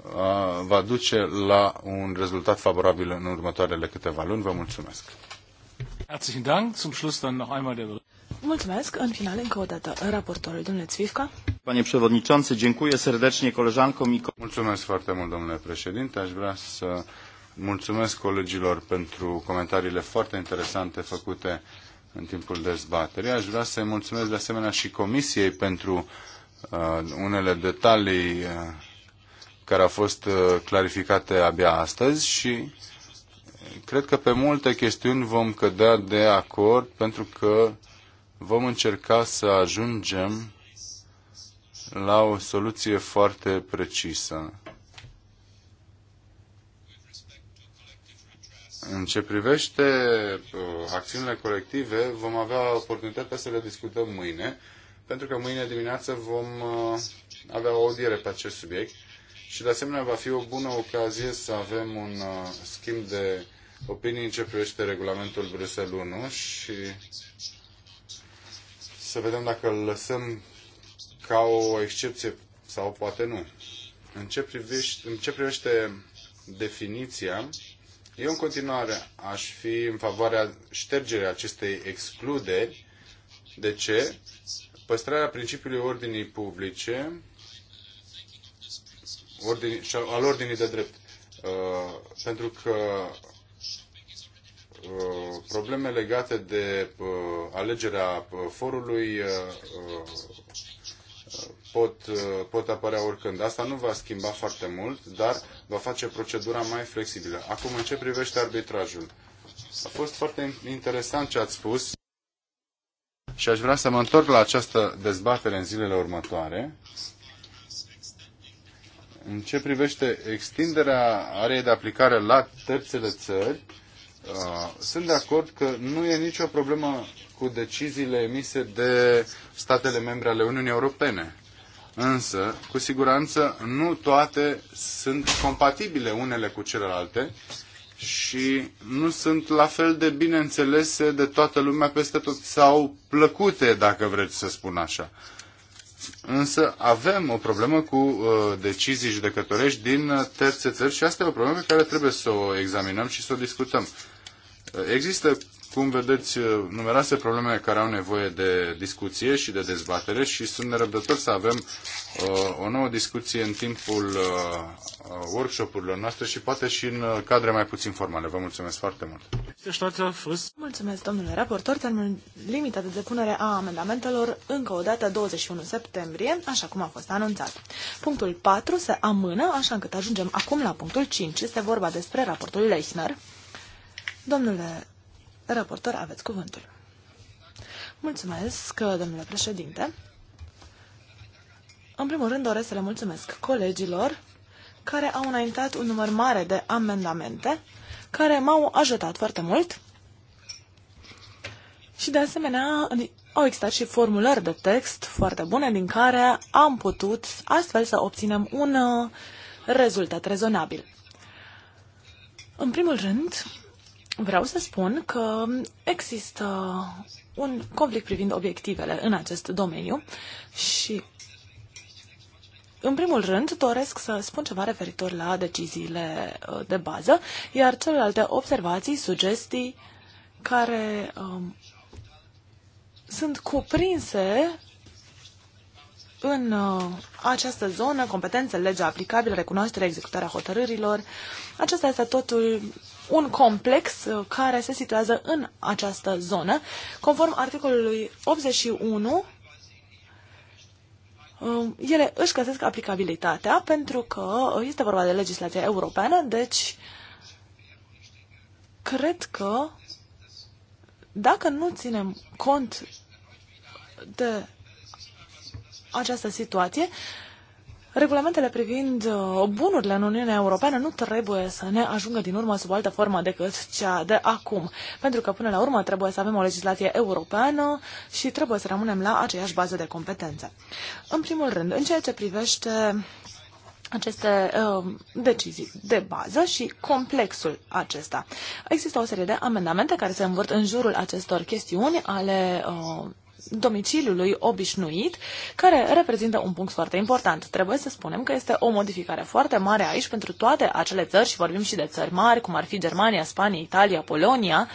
uh, va duce la un rezultat favorabil în următoarele câteva luni. Vă mulțumesc! Herzlichen Dank. Zum Schluss dann noch einmal der Mulțumesc. În final, dată, raportorul, domnule Panie președinte, dziękuję serdecznie koleżankom i Mulțumesc foarte mult, domnule președinte. Aș vrea să mulțumesc colegilor pentru comentariile foarte interesante făcute în timpul dezbaterii. Aș vrea să-i mulțumesc de asemenea și Comisiei pentru uh, unele detalii uh, care au fost uh, clarificate abia astăzi și uh, cred că pe multe chestiuni vom cădea de acord pentru că vom încerca să ajungem la o soluție foarte precisă. În ce privește uh, acțiunile colective, vom avea oportunitatea să le discutăm mâine, pentru că mâine dimineață vom uh, avea o audiere pe acest subiect și de asemenea va fi o bună ocazie să avem un uh, schimb de opinii în ce privește regulamentul Bruxelles 1 și să vedem dacă îl lăsăm ca o excepție sau poate nu. În ce, privește, în ce privește definiția, eu în continuare aș fi în favoarea ștergerii acestei excluderi. De ce? Păstrarea principiului ordinii publice ordini, al ordinii de drept. Uh, pentru că Uh, probleme legate de uh, alegerea uh, forului pot, pot apărea oricând. Asta nu va schimba foarte mult, dar va face procedura mai flexibilă. Acum, în ce privește arbitrajul? A fost foarte interesant ce ați spus și aș vrea să mă întorc la această dezbatere în zilele următoare. În ce privește extinderea areei de aplicare la terțele țări, Uh, sunt de acord că nu e nicio problemă cu deciziile emise de statele membre ale Uniunii Europene. Însă, cu siguranță, nu toate sunt compatibile unele cu celelalte și nu sunt la fel de bine înțelese de toată lumea peste tot sau plăcute, dacă vreți să spun așa. Însă avem o problemă cu uh, decizii judecătorești din uh, terțe țări și asta e o problemă pe care trebuie să o examinăm și să o discutăm. Există, cum vedeți, numeroase probleme care au nevoie de discuție și de dezbatere și sunt nerăbdător să avem uh, o nouă discuție în timpul uh, uh, workshopurilor noastre și poate și în cadre mai puțin formale. Vă mulțumesc foarte mult! Mulțumesc, domnule raportor. Termenul limita de depunere a amendamentelor încă o dată 21 septembrie, așa cum a fost anunțat. Punctul 4 se amână, așa încât ajungem acum la punctul 5. Este vorba despre raportul Leisner. Domnule raportor, aveți cuvântul. Mulțumesc, domnule președinte. În primul rând doresc să le mulțumesc colegilor care au înaintat un număr mare de amendamente care m-au ajutat foarte mult și de asemenea au existat și formulări de text foarte bune din care am putut astfel să obținem un uh, rezultat rezonabil. În primul rând, Vreau să spun că există un conflict privind obiectivele în acest domeniu și, în primul rând, doresc să spun ceva referitor la deciziile uh, de bază, iar celelalte observații, sugestii care um, sunt cuprinse în uh, această zonă, competențe, legea aplicabilă, recunoașterea, executarea hotărârilor. Acesta este totul un complex uh, care se situează în această zonă. Conform articolului 81, uh, ele își găsesc aplicabilitatea pentru că este vorba de legislația europeană, deci cred că dacă nu ținem cont de această situație, regulamentele privind uh, bunurile în Uniunea Europeană nu trebuie să ne ajungă din urmă sub altă formă decât cea de acum, pentru că până la urmă trebuie să avem o legislație europeană și trebuie să rămânem la aceeași bază de competențe. În primul rând, în ceea ce privește aceste uh, decizii de bază și complexul acesta. Există o serie de amendamente care se învârt în jurul acestor chestiuni ale uh, domiciliului obișnuit, care reprezintă un punct foarte important. Trebuie să spunem că este o modificare foarte mare aici pentru toate acele țări și vorbim și de țări mari, cum ar fi Germania, Spania, Italia, Polonia,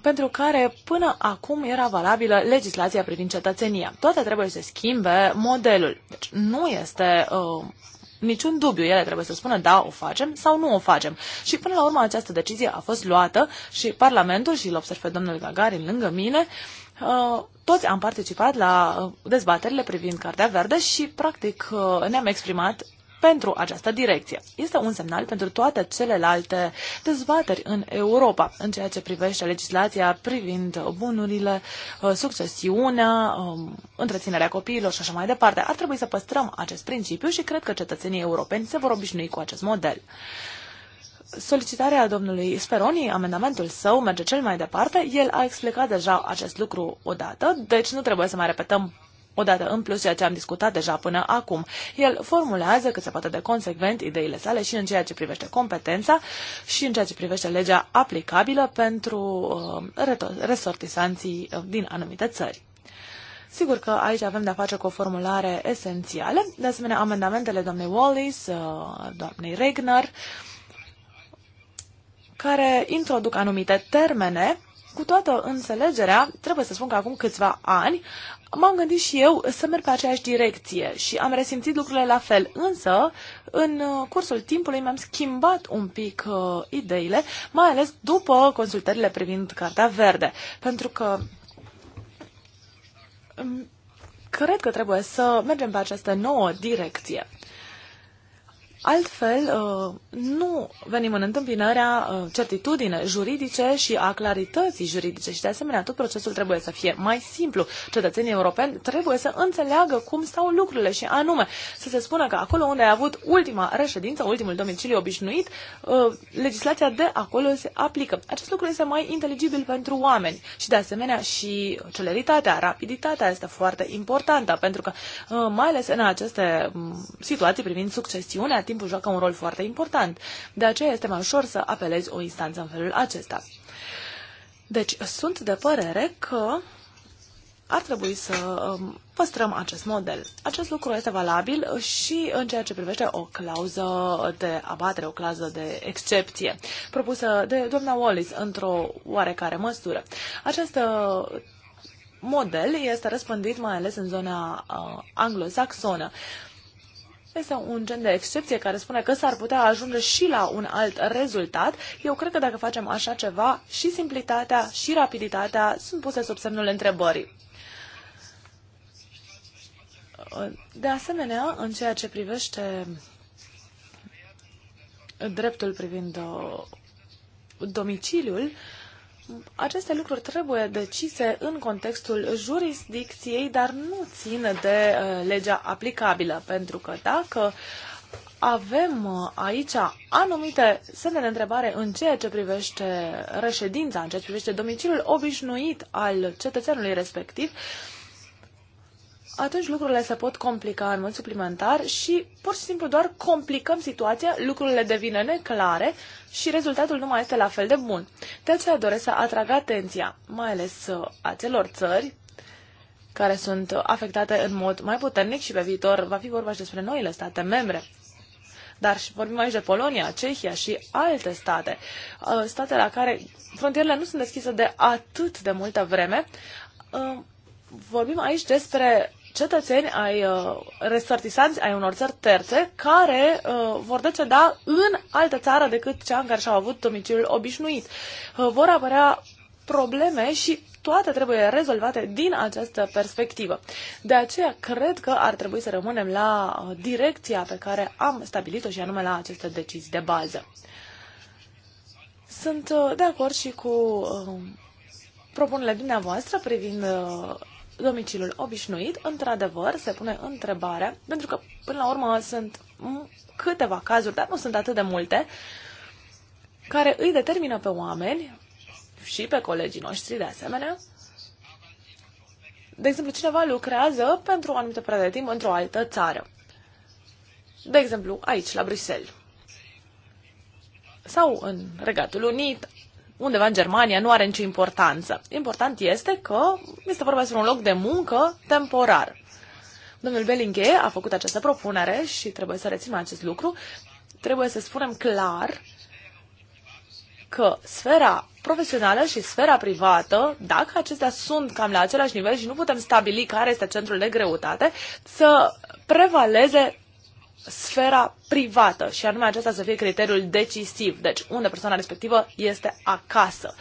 pentru care până acum era valabilă legislația privind cetățenia. Toate trebuie să schimbe modelul. Deci nu este uh, niciun dubiu. Ele trebuie să spună da, o facem sau nu o facem. Și până la urmă această decizie a fost luată și Parlamentul, și îl observ pe domnul Gagarin lângă mine, Uh, toți am participat la uh, dezbaterile privind Cartea Verde și, practic, uh, ne-am exprimat pentru această direcție. Este un semnal pentru toate celelalte dezbateri în Europa în ceea ce privește legislația privind bunurile, succesiunea, um, întreținerea copiilor și așa mai departe. Ar trebui să păstrăm acest principiu și cred că cetățenii europeni se vor obișnui cu acest model solicitarea domnului Speroni, amendamentul său, merge cel mai departe. El a explicat deja acest lucru odată, deci nu trebuie să mai repetăm odată în plus ceea ce am discutat deja până acum. El formulează cât se poate de consecvent ideile sale și în ceea ce privește competența și în ceea ce privește legea aplicabilă pentru uh, resortisanții uh, din anumite țări. Sigur că aici avem de-a face cu o formulare esențială, de asemenea amendamentele doamnei Wallis, uh, doamnei Regner, uh, care introduc anumite termene. Cu toată înțelegerea, trebuie să spun că acum câțiva ani m-am gândit și eu să merg pe aceeași direcție și am resimțit lucrurile la fel, însă în uh, cursul timpului mi-am schimbat un pic uh, ideile, mai ales după consultările privind Cartea Verde, pentru că mm, cred că trebuie să mergem pe această nouă direcție. Altfel, uh, nu venim în întâmpinarea uh, certitudine juridice și a clarității juridice și, de asemenea, tot procesul trebuie să fie mai simplu. Cetățenii europeni trebuie să înțeleagă cum stau lucrurile și anume să se spună că acolo unde ai avut ultima reședință, ultimul domiciliu obișnuit, uh, legislația de acolo se aplică. Acest lucru este mai inteligibil pentru oameni și, de asemenea, și celeritatea, rapiditatea este foarte importantă pentru că, mai ales în aceste mm, situații privind succesiunea, timpul joacă un rol foarte important. De aceea este mai ușor să apelezi o instanță în felul acesta. Deci sunt de părere că ar trebui să um, păstrăm acest model. Acest lucru este valabil și în ceea ce privește o clauză de abatere, o clauză de excepție, propusă de doamna Wallis într-o oarecare măsură. Acest uh, model este răspândit mai ales în zona uh, anglosaxonă este un gen de excepție care spune că s-ar putea ajunge și la un alt rezultat. Eu cred că dacă facem așa ceva, și simplitatea și rapiditatea sunt puse sub semnul întrebării. De asemenea, în ceea ce privește dreptul privind uh, domiciliul, aceste lucruri trebuie decise în contextul jurisdicției, dar nu țin de uh, legea aplicabilă, pentru că dacă avem uh, aici anumite semne de întrebare în ceea ce privește reședința, în ceea ce privește domiciliul obișnuit al cetățeanului respectiv, atunci lucrurile se pot complica în mod suplimentar și pur și simplu doar complicăm situația, lucrurile devin neclare și rezultatul nu mai este la fel de bun. De aceea doresc să atrag atenția, mai ales uh, acelor țări care sunt afectate în mod mai puternic și pe viitor va fi vorba și despre noile state membre. Dar și vorbim aici de Polonia, Cehia și alte state, uh, state la care frontierele nu sunt deschise de atât de multă vreme, uh, vorbim aici despre cetățeni ai uh, resortisanți ai unor țări terțe care uh, vor deceda în altă țară decât cea în care și-au avut domiciliul obișnuit. Uh, vor apărea probleme și toate trebuie rezolvate din această perspectivă. De aceea cred că ar trebui să rămânem la uh, direcția pe care am stabilit-o și anume la aceste decizii de bază. Sunt uh, de acord și cu uh, propunerile dumneavoastră privind domiciliul obișnuit, într-adevăr, se pune întrebarea, pentru că, până la urmă, sunt câteva cazuri, dar nu sunt atât de multe, care îi determină pe oameni și pe colegii noștri, de asemenea, de exemplu, cineva lucrează pentru o anumită perioadă de timp într-o altă țară. De exemplu, aici, la Bruxelles. Sau în Regatul Unit, undeva în Germania nu are nicio importanță. Important este că este vorba despre un loc de muncă temporar. Domnul Bellinghe a făcut această propunere și trebuie să reținem acest lucru. Trebuie să spunem clar că sfera profesională și sfera privată, dacă acestea sunt cam la același nivel și nu putem stabili care este centrul de greutate, să prevaleze sfera privată și anume acesta să fie criteriul decisiv, deci unde persoana respectivă este acasă.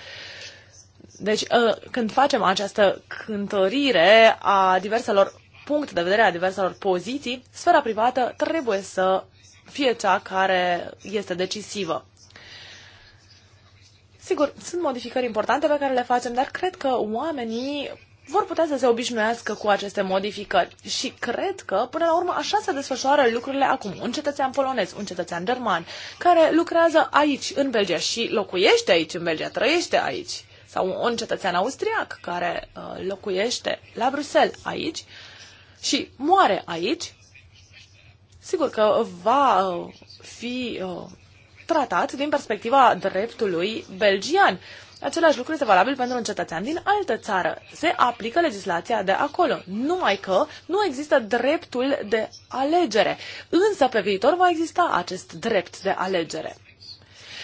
Deci ă, când facem această cântărire a diverselor puncte de vedere, a diverselor poziții, sfera privată trebuie să fie cea care este decisivă. Sigur, sunt modificări importante pe care le facem, dar cred că oamenii vor putea să se obișnuiască cu aceste modificări. Și cred că, până la urmă, așa se desfășoară lucrurile acum. Un cetățean polonez, un cetățean german, care lucrează aici, în Belgia, și locuiește aici, în Belgia, trăiește aici, sau un cetățean austriac care uh, locuiește la Bruxelles, aici, și moare aici, sigur că va uh, fi uh, tratat din perspectiva dreptului belgian. Uh, Același lucru este valabil pentru un cetățean din altă țară. Se aplică legislația de acolo, numai că nu există dreptul de alegere. Însă pe viitor va exista acest drept de alegere.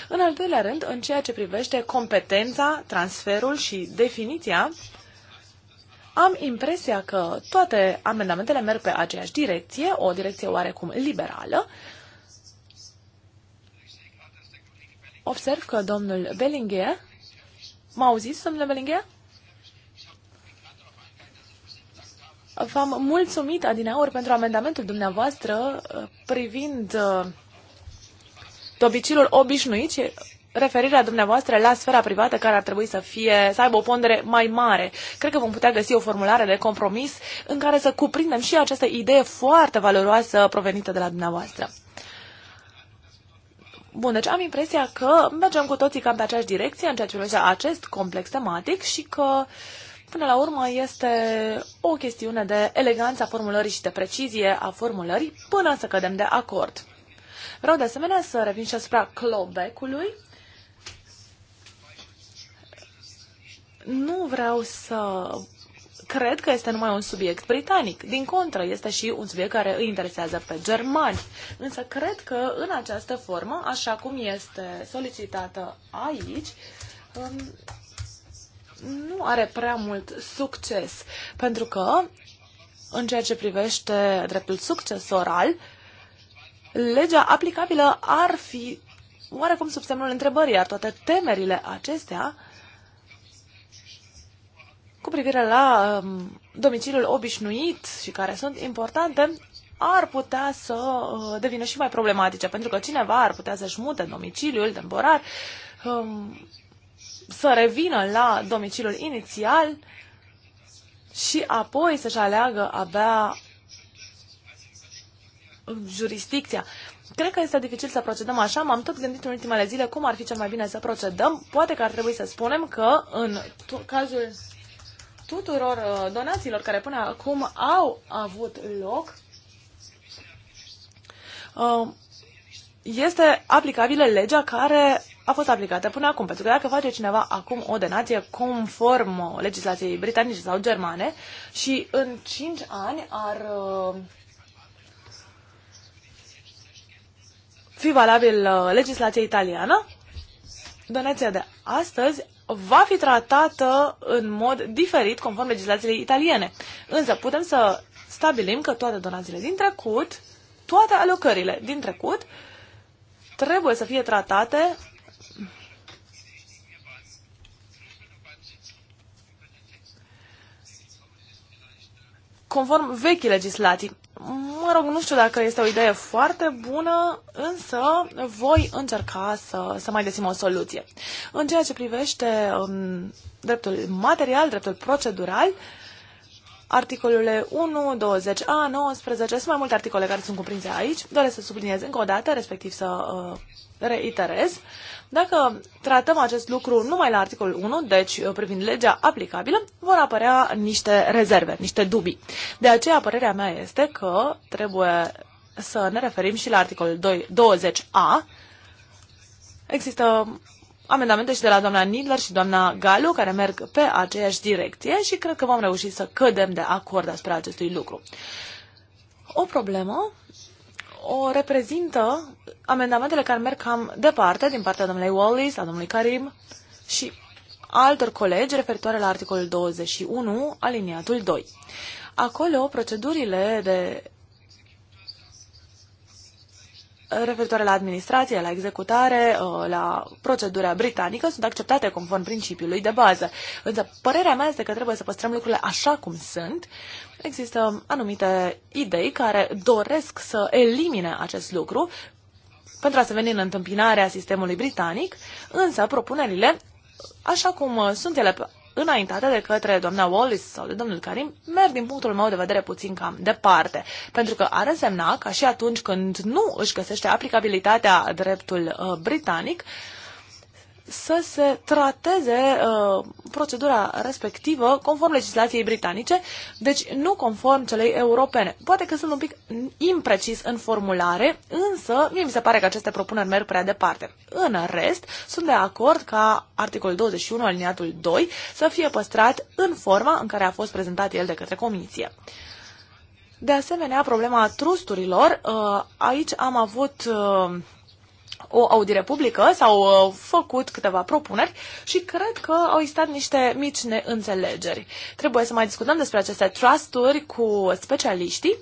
În al doilea rând, în ceea ce privește competența, transferul și definiția, am impresia că toate amendamentele merg pe aceeași direcție, o direcție oarecum liberală. Observ că domnul Bellinger M-au zis, domnule Belinghe? V-am mulțumit adineauri pentru amendamentul dumneavoastră uh, privind uh, obiceiul obișnuit și referirea dumneavoastră la sfera privată care ar trebui să fie, să aibă o pondere mai mare. Cred că vom putea găsi o formulare de compromis în care să cuprindem și această idee foarte valoroasă provenită de la dumneavoastră. Bun, deci am impresia că mergem cu toții cam pe aceeași direcție în ceea ce privește acest complex tematic și că până la urmă este o chestiune de eleganță a formulării și de precizie a formulării până să cădem de acord. Vreau de asemenea să revin și asupra clobecului. Nu vreau să cred că este numai un subiect britanic. Din contră, este și un subiect care îi interesează pe germani. Însă cred că în această formă, așa cum este solicitată aici, um, nu are prea mult succes, pentru că în ceea ce privește dreptul succesoral, legea aplicabilă ar fi oarecum sub semnul întrebării, iar toate temerile acestea cu privire la um, domiciliul obișnuit și care sunt importante, ar putea să uh, devină și mai problematice, pentru că cineva ar putea să-și mute domiciliul temporar, um, să revină la domiciliul inițial și apoi să-și aleagă abia jurisdicția. Cred că este dificil să procedăm așa. M-am tot gândit în ultimele zile cum ar fi cel mai bine să procedăm. Poate că ar trebui să spunem că în cazul tuturor uh, donațiilor care până acum au avut loc uh, este aplicabilă legea care a fost aplicată până acum. Pentru că dacă face cineva acum o donație conform legislației britanice sau germane și în 5 ani ar uh, fi valabil legislația italiană, donația de astăzi va fi tratată în mod diferit conform legislației italiene. Însă putem să stabilim că toate donațiile din trecut, toate alocările din trecut, trebuie să fie tratate conform vechii legislații mă rog, nu știu dacă este o idee foarte bună, însă voi încerca să, să mai găsim o soluție. În ceea ce privește um, dreptul material, dreptul procedural, articolele 1, 20a, 19, sunt mai multe articole care sunt cuprinse aici. Doresc să subliniez încă o dată, respectiv să uh, reiterez. Dacă tratăm acest lucru numai la articolul 1, deci uh, privind legea aplicabilă, vor apărea niște rezerve, niște dubii. De aceea, părerea mea este că trebuie să ne referim și la articolul 20a. Există amendamente și de la doamna Nidler și doamna Galu, care merg pe aceeași direcție și cred că vom reuși să cădem de acord asupra acestui lucru. O problemă o reprezintă amendamentele care merg cam departe din partea domnului Wallis, a domnului Karim și altor colegi referitoare la articolul 21, aliniatul 2. Acolo, procedurile de referitoare la administrație, la executare, uh, la procedura britanică sunt acceptate conform principiului de bază. Însă părerea mea este că trebuie să păstrăm lucrurile așa cum sunt. Există anumite idei care doresc să elimine acest lucru pentru a se veni în întâmpinarea sistemului britanic, însă propunerile, așa cum sunt ele înaintate de către doamna Wallis sau de domnul Karim merg din punctul meu de vedere puțin cam departe, pentru că ar însemna ca și atunci când nu își găsește aplicabilitatea dreptul uh, britanic, uh, să se trateze uh, procedura respectivă conform legislației britanice, deci nu conform celei europene. Poate că sunt un pic imprecis în formulare, însă mie mi se pare că aceste propuneri merg prea departe. În rest, sunt de acord ca articolul 21 aliniatul 2 să fie păstrat în forma în care a fost prezentat el de către comisie. De asemenea, problema trusturilor, uh, aici am avut uh, o audire publică, s-au uh, făcut câteva propuneri și cred că au existat niște mici neînțelegeri. Trebuie să mai discutăm despre aceste trusturi cu specialiștii.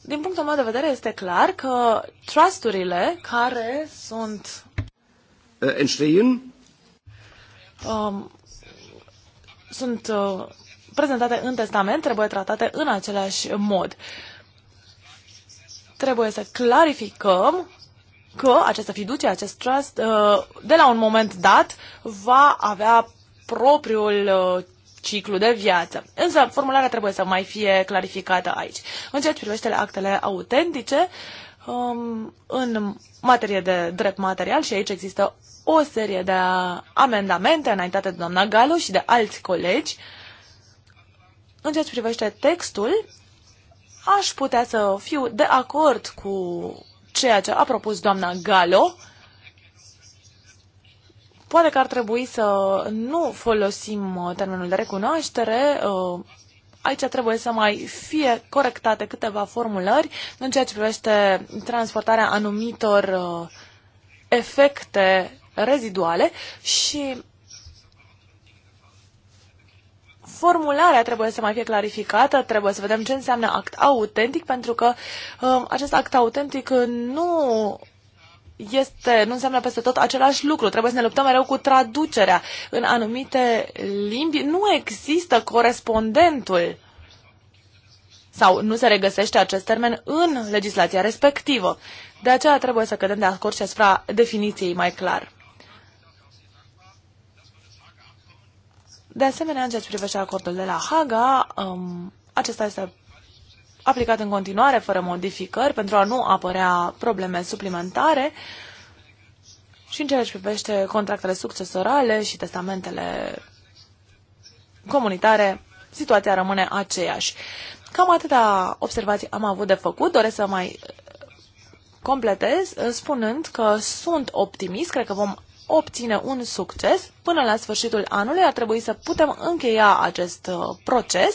Din punctul meu de vedere este clar că trusturile care sunt eh, entstehen um, sunt uh, prezentate în testament trebuie tratate în același mod. Uh, Trebuie să clarificăm că această fiducie, acest trust, uh, de la un moment dat va avea propriul uh, ciclu de viață. Însă, formularea trebuie să mai fie clarificată aici. În ceea ce privește actele autentice, um, în materie de drept material și aici există o serie de amendamente înaintate de doamna Galo și de alți colegi. În ceea ce privește textul, aș putea să fiu de acord cu ceea ce a propus doamna Galo. Poate că ar trebui să nu folosim uh, termenul de recunoaștere. Uh, aici trebuie să mai fie corectate câteva formulări în ceea ce privește transportarea anumitor uh, efecte reziduale și formularea trebuie să mai fie clarificată, trebuie să vedem ce înseamnă act autentic, pentru că um, acest act autentic nu este, nu înseamnă peste tot același lucru. Trebuie să ne luptăm mereu cu traducerea. În anumite limbi nu există corespondentul sau nu se regăsește acest termen în legislația respectivă. De aceea trebuie să cădem de acord și asupra definiției mai clar. De asemenea, în ceea ce privește acordul de la Haga, um, acesta este aplicat în continuare, fără modificări, pentru a nu apărea probleme suplimentare. Și în ceea ce privește contractele succesorale și testamentele comunitare, situația rămâne aceeași. Cam atâta observații am avut de făcut. Doresc să mai completez uh, spunând că sunt optimist, cred că vom obține un succes. Până la sfârșitul anului ar trebui să putem încheia acest uh, proces.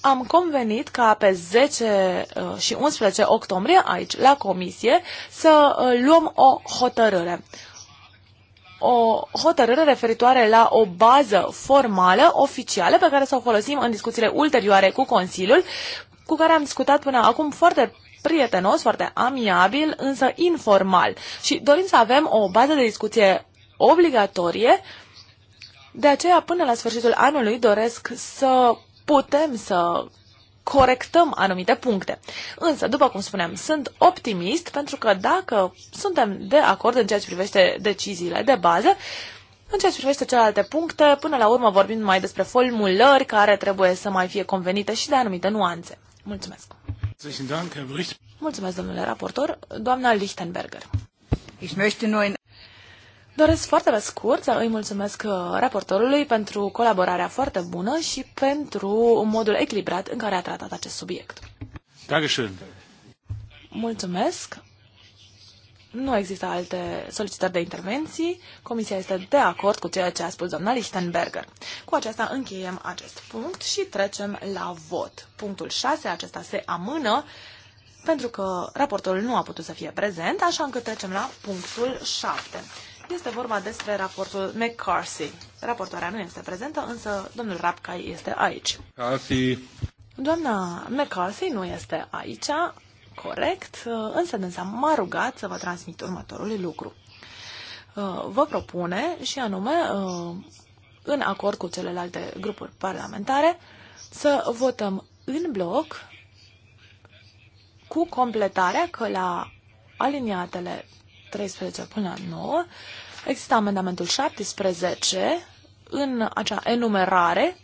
Am convenit ca pe 10 uh, și 11 octombrie aici, la comisie, să uh, luăm o hotărâre o hotărâre referitoare la o bază formală, oficială, pe care să o folosim în discuțiile ulterioare cu Consiliul, cu care am discutat până acum foarte prietenos, foarte amiabil, însă informal. Și dorim să avem o bază de discuție obligatorie. De aceea, până la sfârșitul anului, doresc să putem să corectăm anumite puncte. Însă, după cum spuneam, sunt optimist pentru că dacă suntem de acord în ceea ce privește deciziile de bază, în ceea ce privește celelalte puncte, până la urmă vorbim mai despre formulări care trebuie să mai fie convenite și de anumite nuanțe. Mulțumesc! Mulțumesc, domnule raportor. Doamna Lichtenberger. Doresc foarte pe scurt să îi mulțumesc uh, raportorului pentru colaborarea foarte bună și pentru modul echilibrat în care a tratat acest subiect. Dankeschön. Mulțumesc. Nu există alte solicitări de intervenții. Comisia este de acord cu ceea ce a spus doamna Lichtenberger. Cu aceasta încheiem acest punct și trecem la vot. Punctul 6, acesta se amână pentru că raportorul nu a putut să fie prezent, așa încât trecem la punctul 7. Este vorba despre raportul McCarthy. Raportoarea nu este prezentă, însă domnul Rapcai este aici. McCarthy. Doamna McCarthy nu este aici, corect, uh, însă dânsa m-a rugat să vă transmit următorul lucru. Uh, vă propune și anume, uh, în acord cu celelalte grupuri parlamentare, să votăm în bloc cu completarea că la aliniatele 13 până la 9 există amendamentul 17 în acea enumerare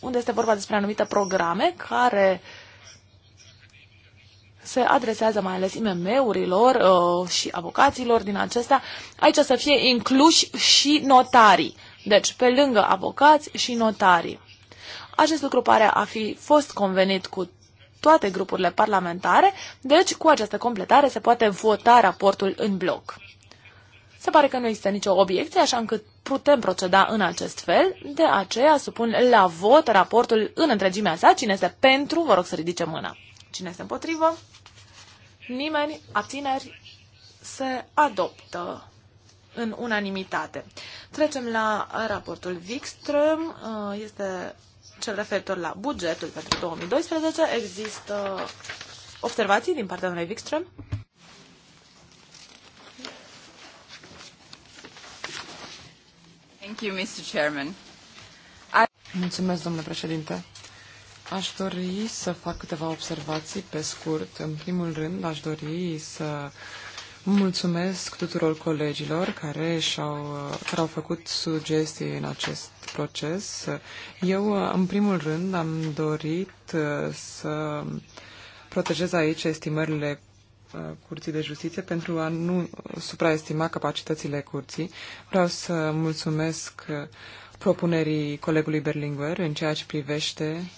unde este vorba despre anumite programe care se adresează mai ales IMM-urilor uh, și avocaților din acestea, aici să fie incluși și notarii. Deci, pe lângă avocați și notarii. Acest lucru pare a fi fost convenit cu toate grupurile parlamentare, deci cu această completare se poate vota raportul în bloc. Se pare că nu există nicio obiecție, așa încât putem proceda în acest fel, de aceea supun la vot raportul în întregimea sa. Cine este pentru, vă rog să ridice mâna. Cine este împotrivă? nimeni, abțineri, se adoptă în unanimitate. Trecem la raportul Wikström, uh, este cel referitor la bugetul pentru 2012. Există observații din partea domnului Wikström? Thank you, Mr. Chairman. I... Mulțumesc, domnule președinte. Aș dori să fac câteva observații pe scurt. În primul rând, aș dori să mulțumesc tuturor colegilor care, și-au, care au făcut sugestii în acest proces. Eu, în primul rând, am dorit uh, să protejez aici estimările uh, Curții de Justiție pentru a nu supraestima capacitățile curții. Vreau să mulțumesc uh, propunerii colegului Berlinguer în ceea ce privește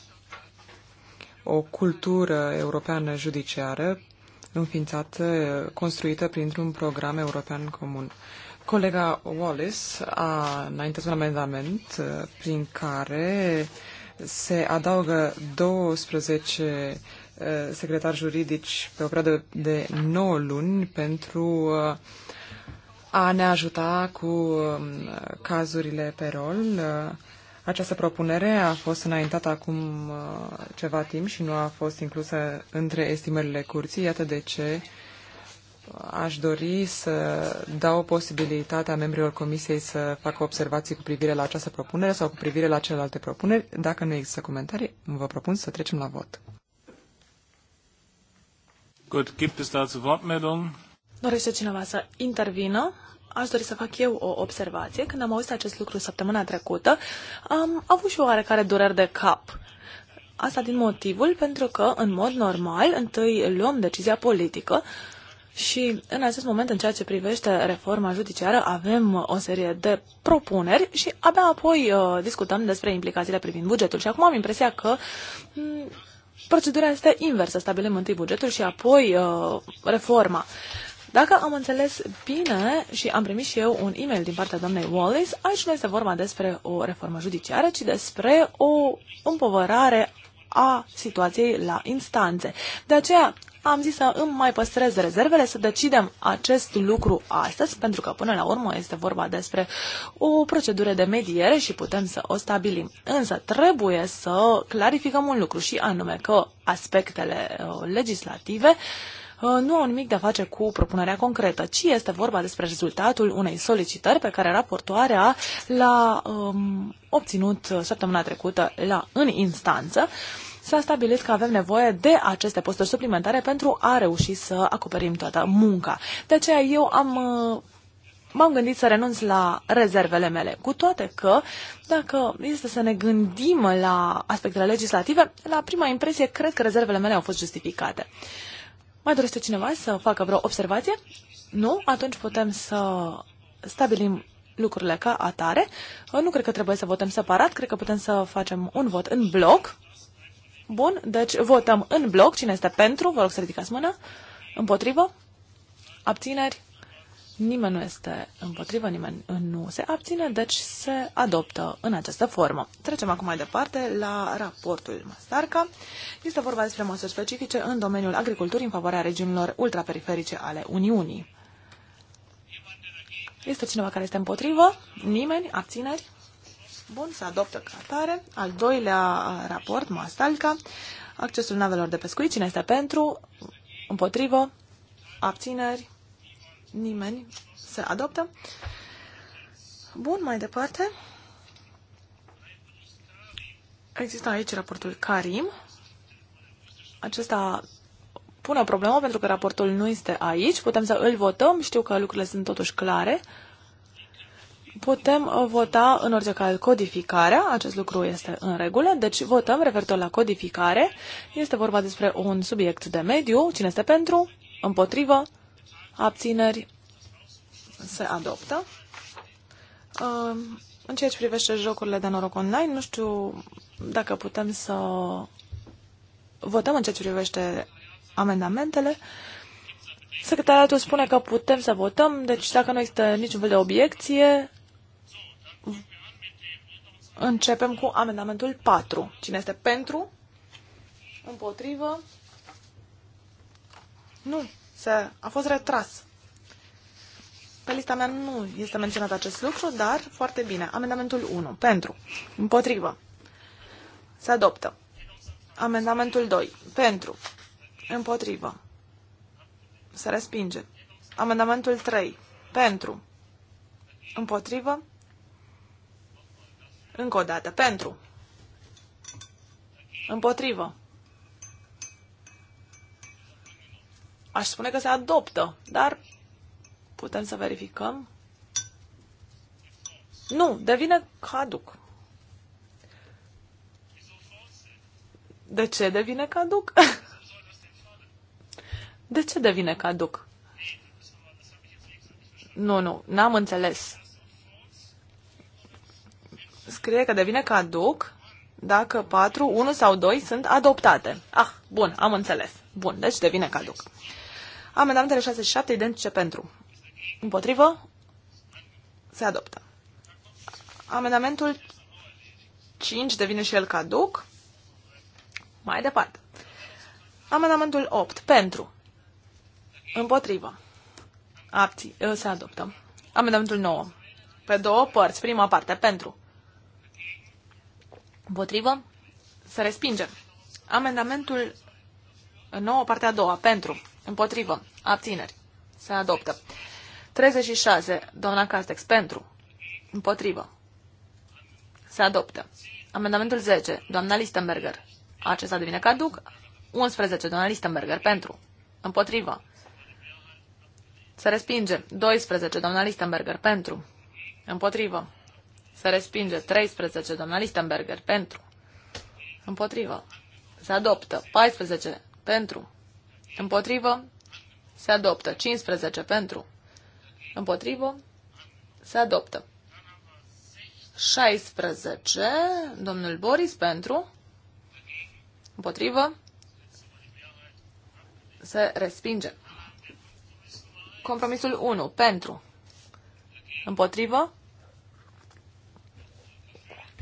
o cultură europeană judiciară înființată, construită printr-un program european comun. Colega Wallace a înaintat un amendament uh, prin care se adaugă 12 uh, secretari juridici pe o perioadă de 9 luni pentru uh, a ne ajuta cu um, cazurile pe rol această propunere a fost înaintată acum uh, ceva timp și nu a fost inclusă între estimările curții. Iată de ce uh, aș dori să dau posibilitatea membrilor comisiei să facă observații cu privire la această propunere sau cu privire la celelalte propuneri. Dacă nu există comentarii, vă propun să trecem la vot. Gut, gibt es dazu Wortmeldungen? Dorește cineva să intervină? aș dori să fac eu o observație. Când am auzit acest lucru săptămâna trecută, am avut și oarecare dureri de cap. Asta din motivul pentru că, în mod normal, întâi luăm decizia politică și, în acest moment, în ceea ce privește reforma judiciară, avem o serie de propuneri și abia apoi uh, discutăm despre implicațiile privind bugetul. Și acum am impresia că mm, procedura este inversă. Stabilim întâi bugetul și apoi uh, reforma. Dacă am înțeles bine și am primit și eu un e-mail din partea doamnei Wallace, aici nu este vorba despre o reformă judiciară, ci despre o împovărare a situației la instanțe. De aceea am zis să îmi mai păstrez rezervele, să decidem acest lucru astăzi, pentru că până la urmă este vorba despre o procedură de mediere și putem să o stabilim. Însă trebuie să clarificăm un lucru și anume că aspectele uh, legislative uh, Uh, nu au nimic de a face cu propunerea concretă, ci este vorba despre rezultatul unei solicitări pe care raportoarea l-a um, obținut săptămâna trecută la, în instanță. S-a stabilit că avem nevoie de aceste posturi suplimentare pentru a reuși să acoperim toată munca. De aceea eu am uh, m-am gândit să renunț la rezervele mele, cu toate că, dacă este să ne gândim la aspectele legislative, la prima impresie cred că rezervele mele au fost justificate. Mai dorește cineva să facă vreo observație? Nu? Atunci putem să stabilim lucrurile ca atare. Nu cred că trebuie să votăm separat, cred că putem să facem un vot în bloc. Bun, deci votăm în bloc. Cine este pentru? Vă rog să ridicați mâna. Împotrivă? Abțineri? Nimeni nu este împotrivă, nimeni nu se abține, deci se adoptă în această formă. Trecem acum mai departe la raportul Mastarca. Este vorba despre măsuri specifice în domeniul agriculturii în favoarea regiunilor ultraperiferice ale Uniunii. Este cineva care este împotrivă? Nimeni? Abțineri? Bun, se adoptă ca atare. Al doilea raport, Mastalca, accesul navelor de pescuit. Cine este pentru? Împotrivă? Abțineri? nimeni se adoptă. Bun, mai departe. Există aici raportul Karim. Acesta pune o problemă pentru că raportul nu este aici. Putem să îl votăm. Știu că lucrurile sunt totuși clare. Putem uh, vota în orice caz codificarea, acest lucru este în regulă, deci votăm referitor la codificare. Este vorba despre un subiect de mediu, cine este pentru, împotrivă, abțineri, se adoptă. În ceea ce privește jocurile de noroc online, nu știu dacă putem să votăm în ceea ce privește amendamentele. Secretariatul spune că putem să votăm, deci dacă nu există niciun fel de obiecție, începem cu amendamentul 4. Cine este pentru? Împotrivă? Nu se, a fost retras. Pe lista mea nu este menționat acest lucru, dar foarte bine. Amendamentul 1. Pentru. Împotrivă. Se adoptă. Amendamentul 2. Pentru. Împotrivă. Se respinge. Amendamentul 3. Pentru. Împotrivă. Încă o dată. Pentru. Împotrivă. Aș spune că se adoptă, dar putem să verificăm. Nu, devine caduc. De ce devine caduc? De ce devine caduc? Nu, nu, n-am înțeles. Scrie că devine caduc dacă 4, 1 sau 2 sunt adoptate. Ah, bun, am înțeles. Bun, deci devine caduc. Amendamentele 6 și 7 identice pentru. Împotrivă? Se adoptă. Amendamentul 5 devine și el caduc. Mai departe. Amendamentul 8 pentru. Împotrivă. Apti, ă, Se adoptă. Amendamentul 9. Pe două părți. Prima parte. Pentru. Împotrivă. Se respinge. Amendamentul 9, partea a doua. Pentru. Împotrivă. Abțineri. Se adoptă. 36. Doamna Castex. Pentru. Împotrivă. Se adoptă. Amendamentul 10. Doamna Listenberger. Acesta devine caduc. 11. Doamna Listenberger. Pentru. Împotrivă. Se respinge. 12. Doamna Listenberger. Pentru. Împotrivă. Se respinge. 13. Doamna Listenberger. Pentru. Împotrivă. Se adoptă. 14. Pentru. Împotrivă. Se adoptă. 15 pentru. Împotrivă. Se adoptă. 16. Domnul Boris pentru. Împotrivă. Se respinge. Compromisul 1. Pentru. Împotrivă.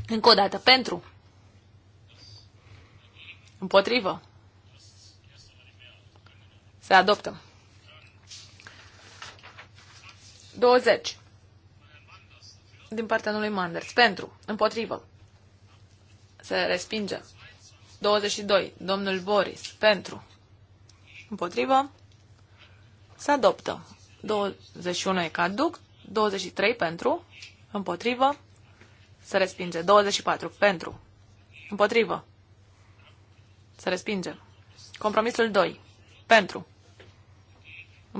Încă o dată. Pentru. Împotrivă. Se adoptă. 20. Din partea lui Manders. Pentru. Împotrivă. Se respinge. 22. Domnul Boris. Pentru. Împotrivă. Se adoptă. 21 e caduc. 23 pentru. Împotrivă. Se respinge. 24 pentru. Împotrivă. Se respinge. Compromisul 2. Pentru.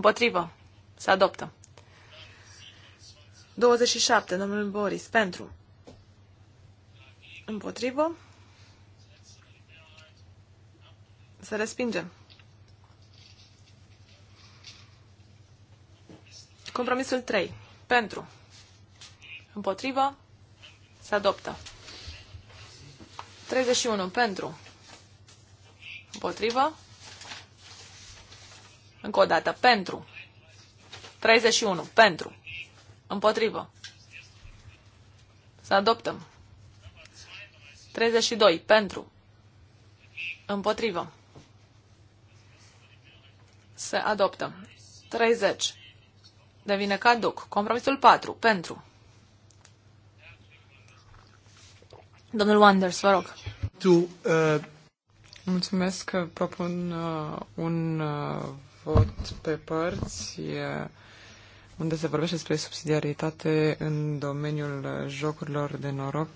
Împotrivă. Se adoptă. 27. Domnul Boris. Pentru. Împotrivă. Se respinge. Compromisul 3. Pentru. Împotrivă. Se adoptă. 31. Pentru. Împotrivă. Încă o dată. Pentru. 31. Pentru. Împotrivă. Să adoptăm. 32. Pentru. Împotrivă. să adoptăm 30. Devine caduc. Compromisul 4. Pentru. Domnul Wanders, vă rog. Tu, uh... Mulțumesc că propun uh, un uh, vot pe părți unde se vorbește despre subsidiaritate în domeniul jocurilor de noroc.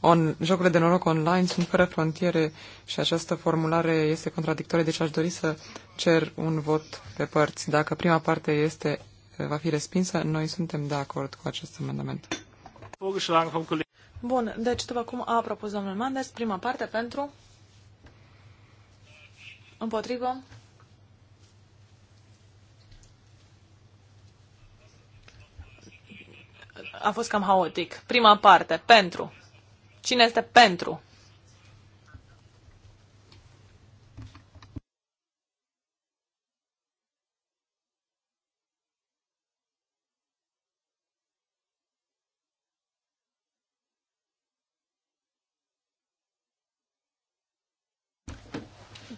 On, jocurile de noroc online sunt fără frontiere și această formulare este contradictorie, deci aș dori să cer un vot pe părți. Dacă prima parte este, va fi respinsă, noi suntem de acord cu acest amendament. Bun, deci după cum a propus domnul Manders, prima parte pentru, împotrivă, a fost cam haotic. Prima parte, pentru. Cine este pentru?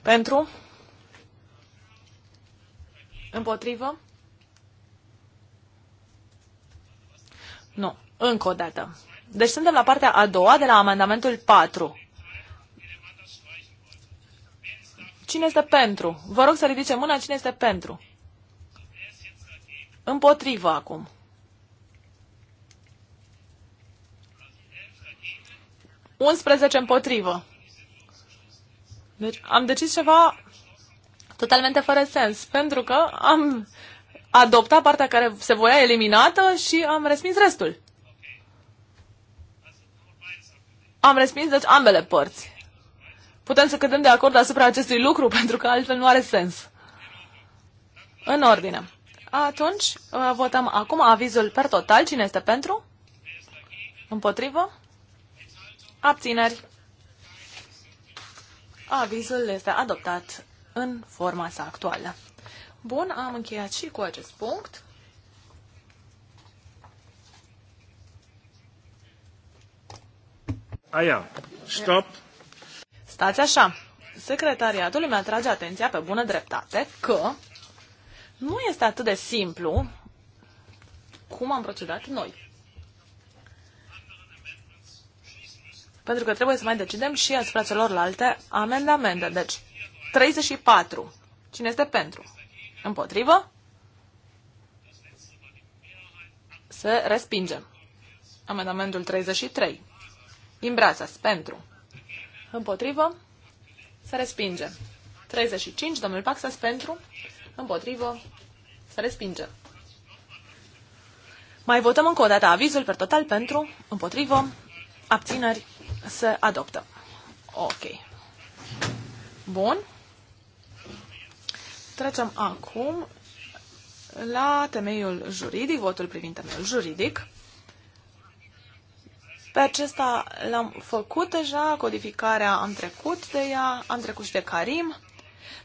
Pentru? Împotrivă? Nu, încă o dată. Deci suntem la partea a doua de la amendamentul 4. Cine este pentru? Vă rog să ridice mâna cine este pentru. Împotrivă acum. Unsprezece împotrivă. Deci am decis ceva totalmente fără sens, pentru că am adoptat partea care se voia eliminată și am respins restul. Am respins, deci, ambele părți. Putem să cădem de acord asupra acestui lucru, pentru că altfel nu are sens. În ordine. Atunci, uh, votăm acum avizul per total. Cine este pentru? Împotrivă? Abțineri. Avizul este adoptat în forma sa actuală. Bun, am încheiat și cu acest punct. Aia, stop. Stați așa. Secretariatul mi atrage atenția pe bună dreptate că nu este atât de simplu cum am procedat noi. Pentru că trebuie să mai decidem și asupra celorlalte amendamente. Deci, 34. Cine este pentru? Împotrivă? Se respinge. Amendamentul 33. Imbrațas. Pentru. Împotrivă? Se respinge. 35. Domnul Paxas. Pentru. Împotrivă? Se respinge. Mai votăm încă o dată avizul per total pentru, împotrivă, abțineri, se adoptă. Ok. Bun. Trecem acum la temeiul juridic, votul privind temeiul juridic. Pe acesta l-am făcut deja, codificarea am trecut de ea, am trecut și de Karim.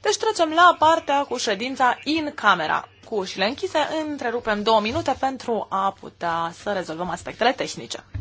Deci trecem la partea cu ședința in camera. Cu ușile închise, întrerupem două minute pentru a putea să rezolvăm aspectele tehnice.